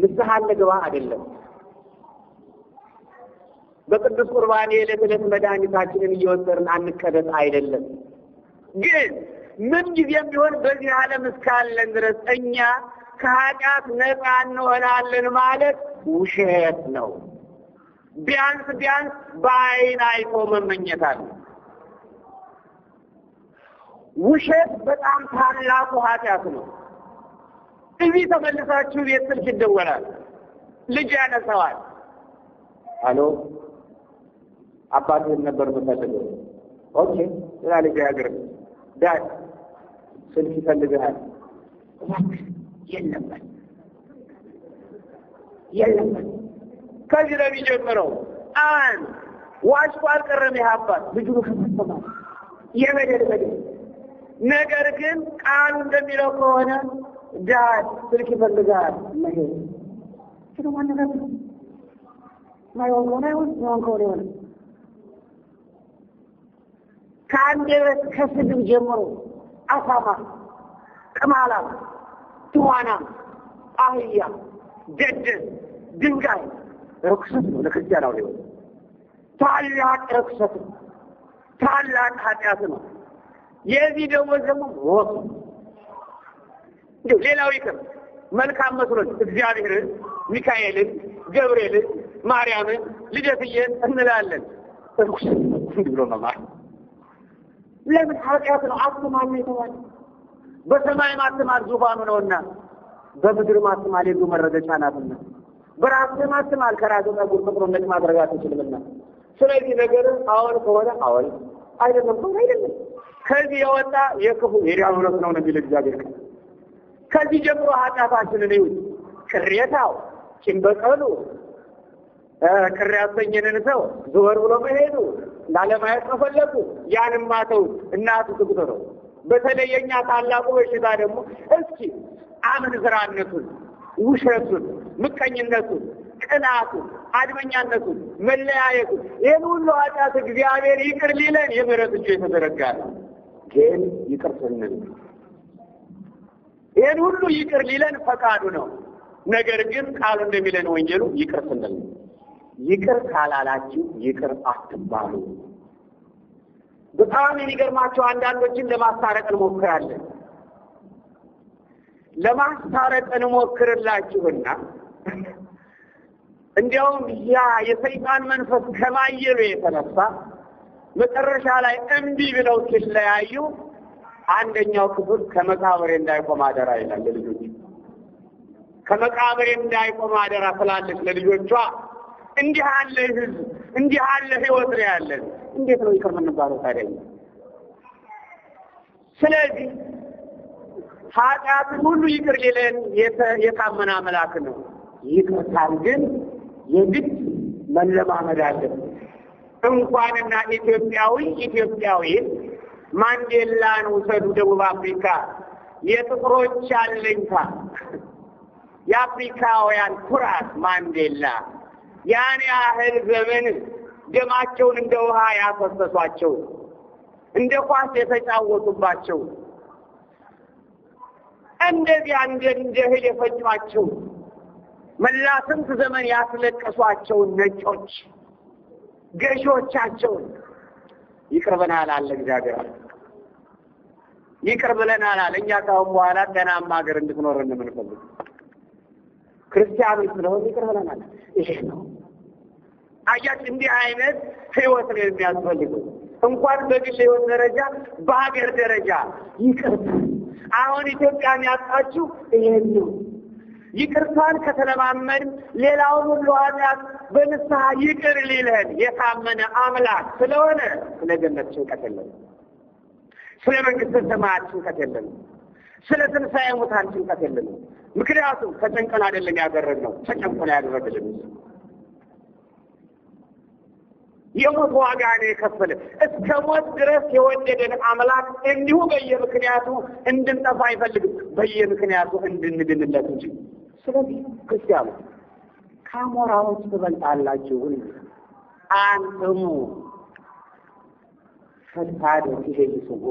Speaker 1: ንስሐ እንግባ አይደለም። በቅዱስ ቁርባን የዕለት ዕለት መድኃኒታችንን እየወሰድን አንቀደስ አይደለም። ግን ምን ጊዜም ቢሆን በዚህ ዓለም እስካለን ድረስ እኛ ከኃጢአት ነፃ እንሆናለን ማለት ውሸት ነው። ቢያንስ ቢያንስ በአይን አይቶ መመኘታለን። ውሸት በጣም ታላቁ ኃጢአት ነው። እዚህ ተመልሳችሁ ቤት ስልክ ይደወላል። ልጅ ያነሳዋል። አሎ አባትህን ነበር የምፈልገው። ኦኬ ስላ ልጅ ያገር ዳ ስልክ ይፈልግሃል የለበት የለበት ከዚህ ነው የሚጀምረው። አን ዋሽቆ አልቀረም ያባት ልጁ ከፈተማ የበደል በደል ነገር ግን ቃሉ እንደሚለው ከሆነ ዳድ ስልክ ይፈልጋል መሄድ ስለ ማነገር ማይሆን ከሆነ አይሆን ማይሆን ከሆነ ይሆነ ከአንድ በት ከስድብ ጀምሮ አሳማ ቅማላ ትዋና፣ አህያ፣ ደደን፣ ድንጋይ ርኩሰት ነው ለክርስቲያናው ሕይወት። ታላቅ ርኩሰት ነው። ታላቅ ኃጢአት ነው። የዚህ ደግሞ ደግሞ ሞት ነው። ሌላው ይቅር መልካም መስሎን እግዚአብሔርን፣ ሚካኤልን፣ ገብርኤልን፣ ማርያምን፣ ልደትዬን እንላለን። ርኩሰት ነው። እንዲህ ብሎ መማር ለምን ኃጢአት ነው የተባለ በሰማይ ማስተማር ዙፋኑ ነውና፣ በምድር ማስተማር የእግሩ መረገጫ ናትና፣ በራስህ ማስተማር ከራሱ ጸጉር ፍቅሩን ነጭ ማድረግ አትችልምና። ስለዚህ ነገር አዎን ከሆነ አዎን፣ አይደለም ከሆነ አይደለም። ከዚህ የወጣ የክፉ የዲያብሎስ ነው ነው የሚል እግዚአብሔር ከዚህ ጀምሮ ኃጢአታችንን ይሁን ቅሬታው፣ ቂም በቀሉ፣ ቅር ያሰኘንን ሰው ዘወር ብሎ መሄዱ፣ ላለማየት መፈለጉ ያንም ማተው እናቱ ትጉቶ ነው። በተለይ የኛ ታላቁ በሽታ ደግሞ እስኪ አመንዝራነቱን፣ ውሸቱን፣ ምቀኝነቱን፣ ቅናቱን፣ አድመኛነቱን፣ መለያየቱን ይህን ሁሉ ኃጢአት እግዚአብሔር ይቅር ሊለን የምህረት እጁ የተዘረጋ ነው። ግን ይቅር ስንል ይህን ሁሉ ይቅር ሊለን ፈቃዱ ነው። ነገር ግን ቃሉ እንደሚለን ወንጀሉ ይቅር ስንል ይቅር ካላላችሁ ይቅር አትባሉ በጣም የሚገርማቸው አንዳንዶችን ለማስታረቅ እንሞክራለን። ለማስታረቅ እንሞክርላችሁና እንዲያውም ያ የሰይጣን መንፈስ ከማየሉ የተነሳ መጨረሻ ላይ እምቢ ብለው ሲለያዩ አንደኛው ክፍል ከመቃብሬ እንዳይቆም አደራ ይላል ለልጆቹ። ከመቃብሬ እንዳይቆም አደራ ስላለች ለልጆቿ እንዲህ አለ ህዝብ እንዲህ አለ ህይወት ነው ያለን። እንዴት ነው ይቅር የምንባለው ታዲያ? ስለዚህ ኃጢአትን ሁሉ ይቅር ሊለን የታመነ አምላክ ነው። ይቅርታን ግን የግድ መለማመድ አለን። እንኳንና ኢትዮጵያዊ ኢትዮጵያዊ ማንዴላን ውሰዱ፣ ደቡብ አፍሪካ የጥቁሮች አለኝታ፣ የአፍሪካውያን ኩራት ማንዴላ ያን ያህል ዘመን ደማቸውን እንደ ውሃ ያፈሰሷቸው፣ እንደ ኳስ የተጫወቱባቸው፣ እንደዚህ አንድ እንደ እህል የፈጇቸው፣ መላ ስንት ዘመን ያስለቀሷቸውን ነጮች ገዢዎቻቸውን ይቅር ብለናል አለ እግዚአብሔር። ይቅር ብለናል አለ። እኛ ካሁን በኋላ ጤናማ ሀገር እንድትኖር እንደምንፈልግ ክርስቲያኖች ስለሆነ ይቅር ብለናል። ይሄ ነው አያች እንዲህ አይነት ህይወት ነው የሚያስፈልገው። እንኳን በግል ህይወት ደረጃ በሀገር ደረጃ ይቅርታ አሁን ኢትዮጵያን ያጣችሁ ይሄን ነው። ይቅርታን ከተለማመድ ሌላውን ሁሉ ኃጢአት በንስሐ ይቅር ሊልህን የታመነ አምላክ ስለሆነ ስለ ገነት ጭንቀት የለም፣ ስለ መንግስተ ሰማያት ጭንቀት የለም፣ ስለ ትንሣኤ ሙታን ጭንቀት የለም። ምክንያቱም ተጨንቀን አይደለም ያደረግነው፣ ተጨንቆን ያደረግልን የሞት ዋጋ ነው የከፈለ። እስከ ሞት ድረስ የወደደን አምላክ እንዲሁ በየምክንያቱ እንድንጠፋ አይፈልግም፣ በየምክንያቱ እንድንድንለት እንጂ። ስለዚህ ክርስቲያኑ ከአሞራዎች ትበልጣላችሁ። አንትሙ ፈታደ ይሄይስዎ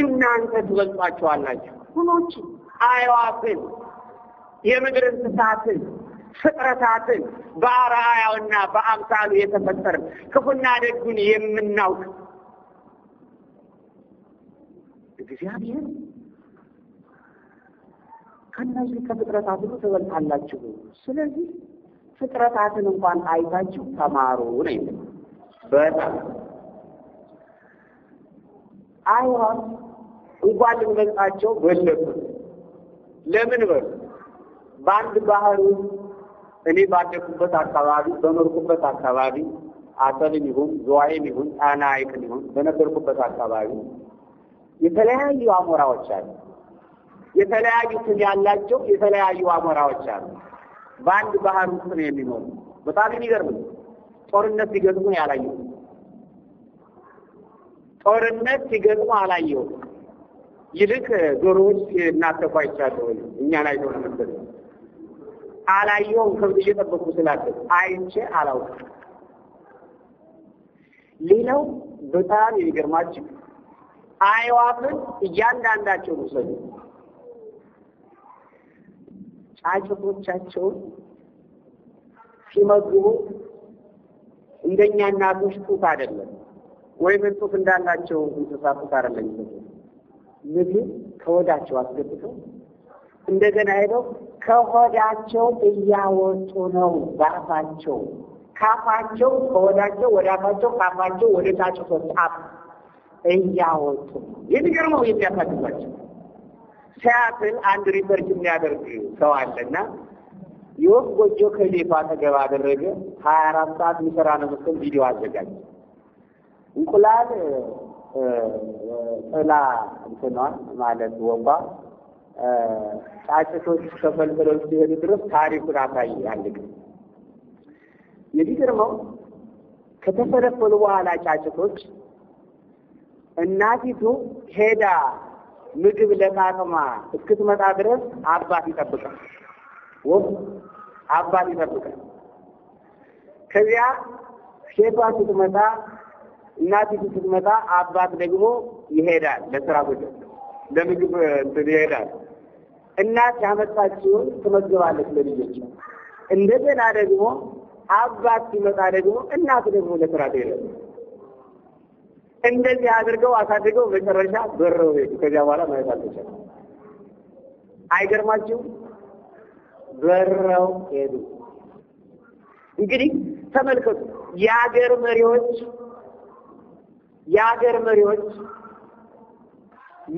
Speaker 1: እናንተ ትበልጧቸዋላችሁ ሁኖች አይዋፍን የምድር እንስሳትን ፍጥረታትን በአርአያውና በአምሳሉ የተፈጠርን ክፉና ደጉን የምናውቅ እግዚአብሔር ከእነዚህ ከፍጥረታት ሁሉ ትበልጣላችሁ፣ ስለዚህ ፍጥረታትን እንኳን አይታችሁ ተማሩ ነው የሚል በጣም አይሆን እንኳን ልንበልጣቸው በለብ ለምን በሉ በአንድ ባህር እኔ ባደኩበት አካባቢ በኖርኩበት አካባቢ አሰብም ይሁን ዘዋይም ይሁን ጣና ሐይቅም ይሁን በነበርኩበት አካባቢ የተለያዩ አሞራዎች አሉ። የተለያዩ ስም ያላቸው የተለያዩ አሞራዎች አሉ። በአንድ ባህር ውስጥ ነው የሚኖሩ። በጣም የሚገርም ጦርነት ሲገጥሙ ያላየሁ ጦርነት ሲገጥሙ አላየሁ። ይልቅ ዶሮዎች እናተኳ ይቻለሁ እኛ ላይ ጦርነት ነበር። አላየውም ከብድሽ የጠበቅኩ ስላለ አይቼ አላውቅም። ሌላው በጣም የሚገርማችሁ አይዋፍን እያንዳንዳቸው ውሰዱ። ጫጭቶቻቸውን ሲመግቡ እንደኛ እናቶች ጡት አይደለም ወይም ጡት እንዳላቸው እንስሳ ጡት አይደለም። ምግብ ከወዳቸው አስገብተው እንደገና ሄደው ከሆዳቸው እያወጡ ነው። በአፋቸው ካፋቸው ከሆዳቸው ወደ አፋቸው ካፋቸው ወደ ታች ጣፍ እያወጡ የሚገርመው የሚያሳድባቸው ሲያትል አንድ ሪሰርች የሚያደርግ ሰው አለና የወፍ ጎጆ ከሌባ አጠገብ አደረገ። ሀያ አራት ሰዓት የሚሰራ ነው መሰል ቪዲዮ አዘጋጅ እንቁላል ጥላ እንትኗን ማለት ወባ ጫጭቶች ተፈልፍለው ሲሄዱ ድረስ ታሪኩን አሳይ አልቅ የሚገርመው ከተፈለፈሉ በኋላ ጫጭቶች እናቲቱ ሄዳ ምግብ ለቃቅማ እስክትመጣ ድረስ አባት ይጠብቃል። ወፍ አባት ይጠብቃል። ከዚያ ሴቷ ስትመጣ እናቲቱ ስትመጣ አባት ደግሞ ይሄዳል ለስራ ጉዳይ ለምግብ እንትን ይሄዳል። እናት ያመጣችውን ትመግባለች ለልጆች። እንደገና ደግሞ አባት ሲመጣ ደግሞ እናት ደግሞ ለስራ ትሄዳለች። እንደዚህ አድርገው አሳድገው መጨረሻ በረው ሄዱ። ከዚያ በኋላ ማየት አልተቻለም። አይገርማችሁም? በረው ሄዱ። እንግዲህ ተመልከቱ የሀገር መሪዎች የሀገር መሪዎች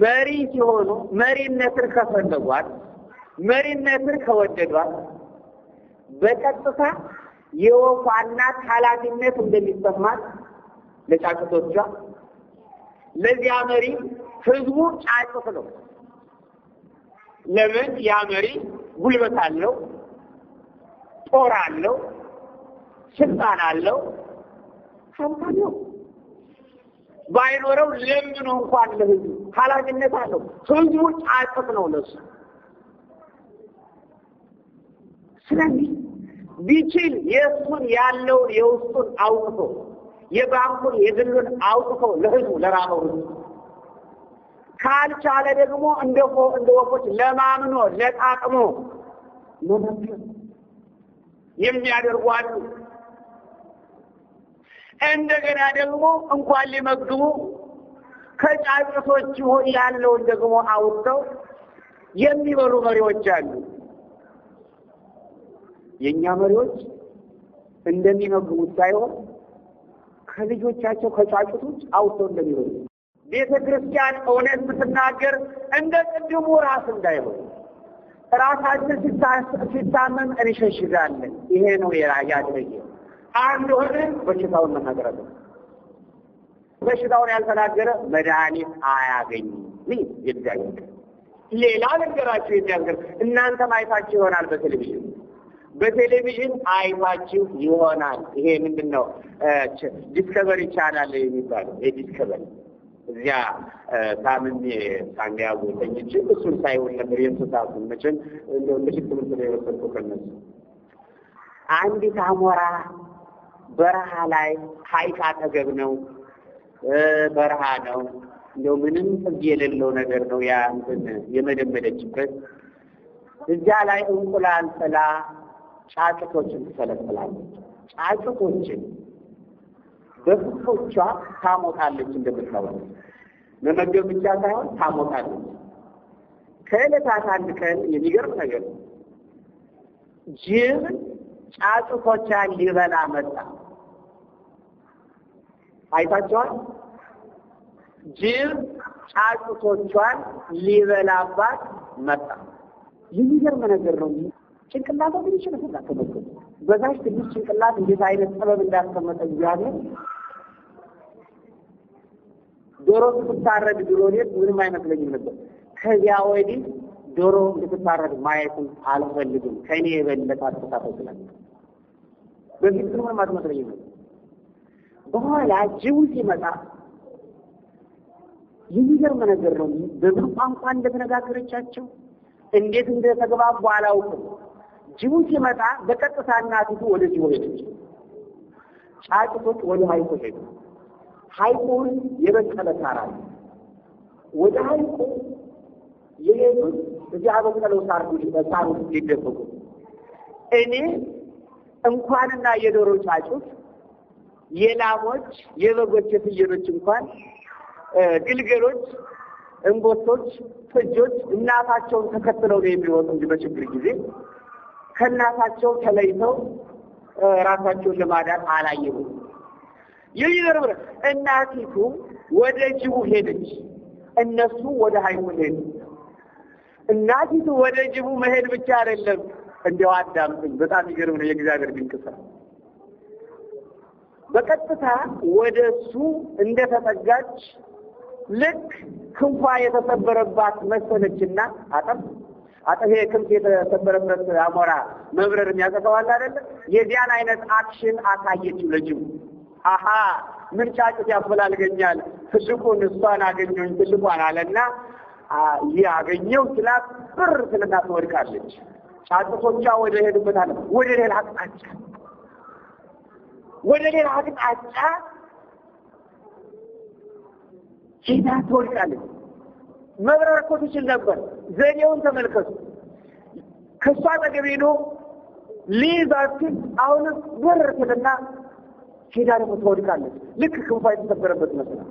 Speaker 1: መሪ ሲሆኑ መሪነትን ከፈለጓት መሪነትን ከወደዷት በቀጥታ የወፏ እናት ኃላፊነት እንደሚሰማት ለጫጩቶቿ ለዚያ መሪ ህዝቡ ጫጩት ነው። ለምን ያ መሪ ጉልበት አለው፣ ጦር አለው፣ ስልጣን አለው፣ ሀብታም ነው። ባይኖረው ለምኑ እንኳን ለህዝቡ ኃላፊነት አለው። ህዝቡ ጫጥፍ ነው ለሱ። ስለዚህ ቢችል የእሱን ያለውን የውስጡን አውጥቶ የባንኩን የግሉን አውጥቶ ለህዝቡ ለራበው ህዝቡ ካልቻለ ደግሞ እንደ እንደ ወፎች ለማምኖ ለጣቅሞ መመከር የሚያደርጓሉ እንደገና ደግሞ እንኳን ሊመግቡ ከጫጩቶች ያለውን ደግሞ አውጥተው የሚበሉ መሪዎች አሉ። የእኛ መሪዎች እንደሚመግቡት ሳይሆን ከልጆቻቸው ከጫጭቶች አውጥተው እንደሚበሉ ቤተ ክርስቲያን እውነት ብትናገር እንደ ቅድሙ ራስ እንዳይሆን ራሳችን ሲታመም እንሸሽጋለን። ይሄ ነው የራያ እንደሆነ በሽታውን መናገር አለ። በሽታውን ያልተናገረ መድኃኒት አያገኝም። ምን ይዳኝ ሌላ ነገራችሁ የሚያንገር እናንተ አይታችሁ ይሆናል በቴሌቪዥን በቴሌቪዥን አይታችሁ ይሆናል። ይሄ ምንድን ነው ዲስከቨሪ ቻናል የሚባለው የዲስከቨሪ እዚያ ታምሜ ሳንዲያጎ ተኝቼ እሱን ሳይሆን ነበር የእንስሳቱ መቼም እንደ ትምህርት ነው የወሰድኩ ከነሱ አንዲት አሞራ በረሃ ላይ ሐይቅ አጠገብ ነው፣ በረሃ ነው። እንደው ምንም ጥግ የሌለው ነገር ነው ያ እንትን የመደመደችበት። እዚያ ላይ እንቁላል ጥላ ጫጩቶችን ትፈለፍላለች። ጫጩቶችን በፍቶቿ ታሞታለች። እንደምታውቁ መመገብ ብቻ ሳይሆን ታሞታለች። ከዕለታት አንድ ቀን የሚገርም ነገር ጅብ ጫጩቶቿን ሊበላ መጣ። አይታቸዋል። ጅብ ጫጩቶቿን ሊበላባት መጣ። የሚገርም ነገር ነው። ጭንቅላቷ ግን ይችላል ተመልከቱ። በዛች ትንሽ ጭንቅላት እንዴት አይነት ጥበብ እንዳስቀመጠ እግዚአብሔር። ዶሮ ስትታረድ ድሮ እኔ ምንም አይመስለኝም ነበር። ከዚያ ወዲህ ዶሮ እንድትታረድ ማየትም አልፈልግም። ከእኔ የበለጠ አስተሳሰብ ስላለ በፊት ምንም አትመስለኝም ነበር። በኋላ ጅውል ሲመጣ የሚገርም ነገር ነው። በምን ቋንቋ እንደተነጋገረቻቸው እንዴት እንደተግባቡ አላውቅም። ጅቡል ሲመጣ በቀጥታ እናቲቱ ወደ ጅቡ ሄደች። ጫጭቶች ወደ ሀይቁ ሄዱ። ሀይቁን የበቀለ ሳር አለ። ወደ ሀይቁ የሄዱት እዚያ በቀለው ሳር ሳር ሊደበቁ እኔ እንኳንና የዶሮ ጫጩት የላሞች የበጎች፣ የፍየሎች እንኳን ግልገሎች፣ እንቦቶች ፍጆች እናታቸውን ተከትለው ነው የሚወጡ እንጂ በችግር ጊዜ ከእናታቸው ተለይተው ራሳቸውን ለማዳን አላየቡ። ይህ ይዘርብረ እናቲቱ ወደ ጅቡ ሄደች፣ እነሱ ወደ ሀይሙ ሄዱ። እናቲቱ ወደ ጅቡ መሄድ ብቻ አይደለም። እንዲያው አዳምጡኝ፣ በጣም ይገርም ነው የእግዚአብሔር ድንቅ ስራ በቀጥታ ወደ እሱ እንደተጠጋች ልክ ክንፏ የተሰበረባት መሰለችና አጠፍ አጠፌ ክንፍ የተሰበረበት አሞራ መብረር የሚያጠፋዋል አይደለ? የዚያን አይነት አክሽን አሳየችው ለጅቡ። አሀ ምን ጫጩት ያፈላልገኛል፣ ትልቁን እሷን አገኘሁኝ ትልቋን አለና ያገኘው ስላት ብር ስልና ትወድቃለች። ጫጩቶቿ ወደ ሄዱበት አለ ወደ ሌላ አቅጣጫ ወደ ሌላ አቅጣጫ ሄዳ ትወድቃለች። መብረር እኮ ትችል ነበር። ዘዴውን ተመልከቱ። ከእሷ አጠገብ ሄዶ ሊይዛት አሁንም ብር ትልና ሄዳ ደግሞ ትወድቃለች። ልክ ክንፏ የተሰበረበት መስላል።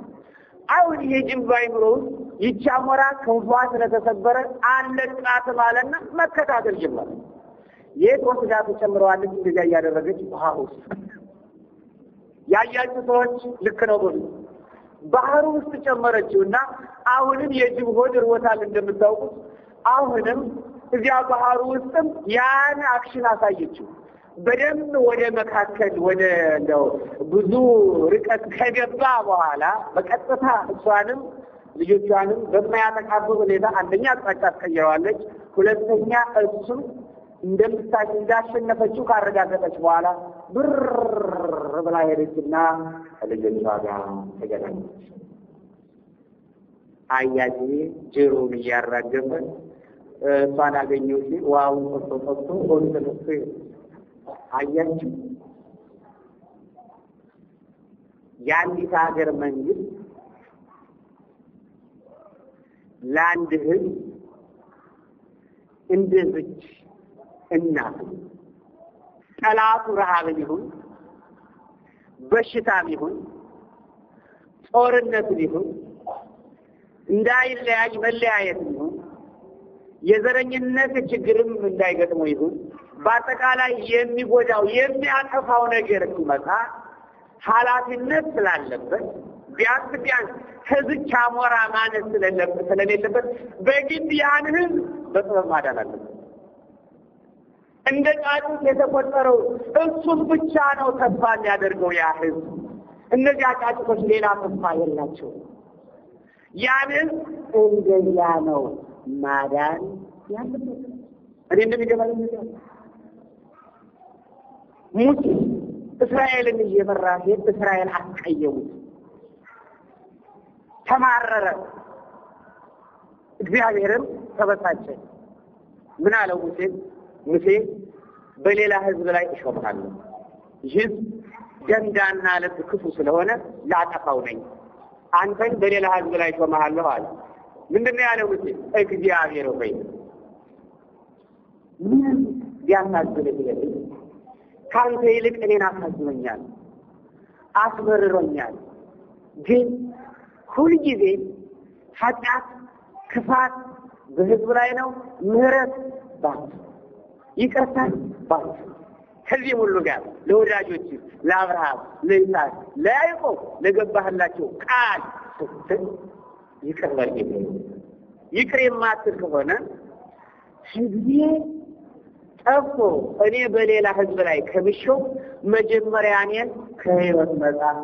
Speaker 1: አሁን የጅንባ አይምሮ ውስጥ ይቺ አሞራ ክንፏ ስለተሰበረ አለቃትም አለና መከታተል ጀመረ። የት ወስዳ ተጨምረዋለች። እንደዚያ እያደረገች ውሃ ውስጥ ያያችሁ ሰዎች ልክ ነው በሉ። ባህሩ ውስጥ ጨመረችው እና አሁንም የጅብ ሆድ እርቦታል እንደምታውቁት፣ አሁንም እዚያ ባህሩ ውስጥም ያን አክሽን አሳየችው። በደንብ ወደ መካከል ወደ እንደው ብዙ ርቀት ከገባ በኋላ በቀጥታ እሷንም ልጆቿንም በማያጠቃብ ሁኔታ አንደኛ አቅጣጫ ትቀይረዋለች፣ ሁለተኛ እሱም እንደምታ እንዳሸነፈችው ካረጋገጠች በኋላ ብር ብላ ሄደችና ከልጆቿ ጋር ተገናኘች። አያጂ ጅሩን እያራገፈ እሷን አገኘው ሲል ዋውን ቆሶ ቆሶ ነው። አያችሁ፣ የአንዲት ሀገር መንግስት ለአንድ ህዝብ እንደዚች እናት ጠላቱ ረሃብን ይሁን በሽታም ይሁን ጦርነትም ይሁን እንዳይለያይ መለያየት ይሁን የዘረኝነት ችግርም እንዳይገጥመው ይሁን በአጠቃላይ የሚጎዳው የሚያጠፋው ነገር ሲመጣ ኃላፊነት ስላለበት ቢያንስ ቢያንስ ከዚህ አሞራ ማነት ስለሌለበት በግድ ያን ህዝብ በጥበብ ማዳን አለበት። እንደ ቃሉ የተቆጠረው እሱን ብቻ ነው ተስፋ የሚያደርገው ያ ህዝብ። እነዚያ ቃጭቶች ሌላ ተስፋ የላቸው። ያን ህዝብ እንደዚያ ነው ማዳን ያለበት። እኔ እንደሚገባል ሙሴ እስራኤልን እየመራ ሄድ እስራኤል አስቀየሙት፣ ተማረረ። እግዚአብሔርም ተበሳጨ። ምን አለው ሙሴ ሙሴ በሌላ ህዝብ ላይ እሾምሃለሁ። ህዝብ ደንዳና ልብ ክፉ ስለሆነ ላጠፋው ነኝ፣ አንተን በሌላ ህዝብ ላይ እሾምሃለሁ አለ። ምንድነው ያለው ሙሴ? እግዚአብሔር ሆይ ምን ቢያሳዝንህ ይለኝ፣ ከአንተ ይልቅ እኔን አሳዝኖኛል፣ አስመርሮኛል። ግን ሁልጊዜ ኃጢአት፣ ክፋት በህዝብ ላይ ነው፣ ምህረት ባክ ይቀርታል ባሉት ከዚህ ሁሉ ጋር ለወዳጆች ለአብርሃም፣ ለይስሐቅ፣ ለያዕቆብ ለገባህላቸው ቃል ስትል ይቅር በል ይቅር የማትል ከሆነ ህዝቤ ጠፎ እኔ በሌላ ህዝብ ላይ ከብሼው መጀመሪያ እኔን ከህይወት መጽሐፍ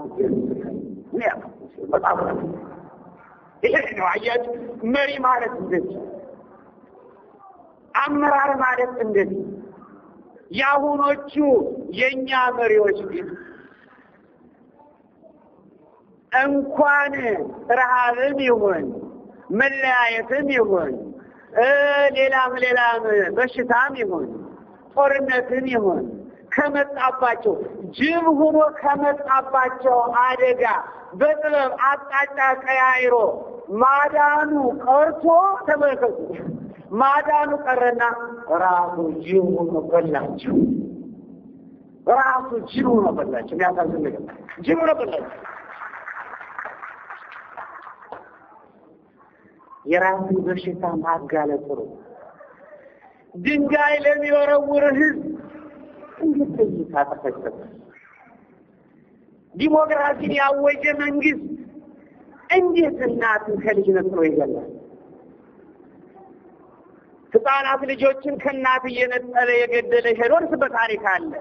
Speaker 1: ይሄ ነው አያችሁ መሪ ማለት እንደዚህ አመራር ማለት እንደዚህ የአሁኖቹ የእኛ መሪዎች ግን እንኳን ረሃብም ይሁን መለያየትም ይሁን ሌላም ሌላም በሽታም ይሁን ጦርነትም ይሁን ከመጣባቸው ጅብ ሆኖ ከመጣባቸው አደጋ በጥበብ አቅጣጫ ቀያይሮ ማዳኑ ቀርቶ ተመልከቱ። ማዳኑ ቀረና ራሱ ጅቡ ነው በላቸው። ራሱ ጅቡ ነው በላቸው። የሚያሳዝን ነገር ጅቡ ነው በላቸው። የራሱ በሽታ ማጋለጥ ነው። ድንጋይ ለሚወረውር ህዝብ እንዴት እይታ ተፈጸመ? ዲሞክራሲን ያወጀ መንግስት እንዴት እናትን ከልጅ ነጥሎ ይገላል? ህፃናት ልጆችን ከእናት እየነጠለ የገደለ ሄሮድስ በታሪክ አለ።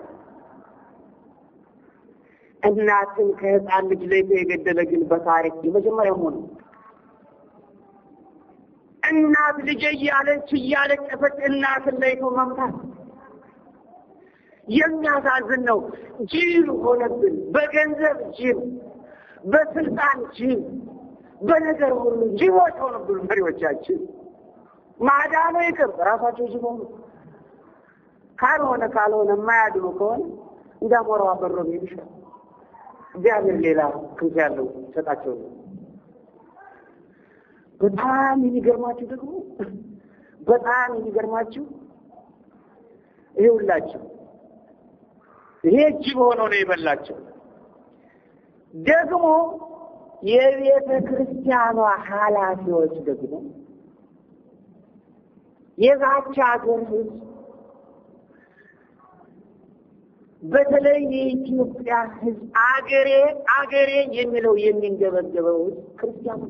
Speaker 1: እናትን ከህፃን ልጅ ለይቶ የገደለ ግን በታሪክ የመጀመሪያ ሆኑ። እናት ልጄ እያለች እያለቀሰች እናትን ለይቶ መምታት የሚያሳዝን ነው። ጅል ሆነብን። በገንዘብ ጅል፣ በስልጣን ጅል፣ በነገር ሁሉ ጅቦች ሆነብን መሪዎቻችን። ማዳኑ ይቅር ራሳቸው ሲሆኑ ካልሆነ ካልሆነ የማያድኑ ከሆነ እንዳሞራ አበሮ ሄድ ይሻል። እግዚአብሔር ሌላ ክንፍ ያለው ሰጣቸው። በጣም የሚገርማችሁ ደግሞ በጣም የሚገርማችሁ ይኸውላችሁ ይሄ እጅ በሆነው ነው የበላቸው። ደግሞ የቤተ ክርስቲያኗ ኃላፊዎች ደግሞ የዛች ሀገር ህዝብ በተለይ የኢትዮጵያ ህዝብ አገሬ አገሬ የሚለው የሚንገበገበው ክርስቲያኑ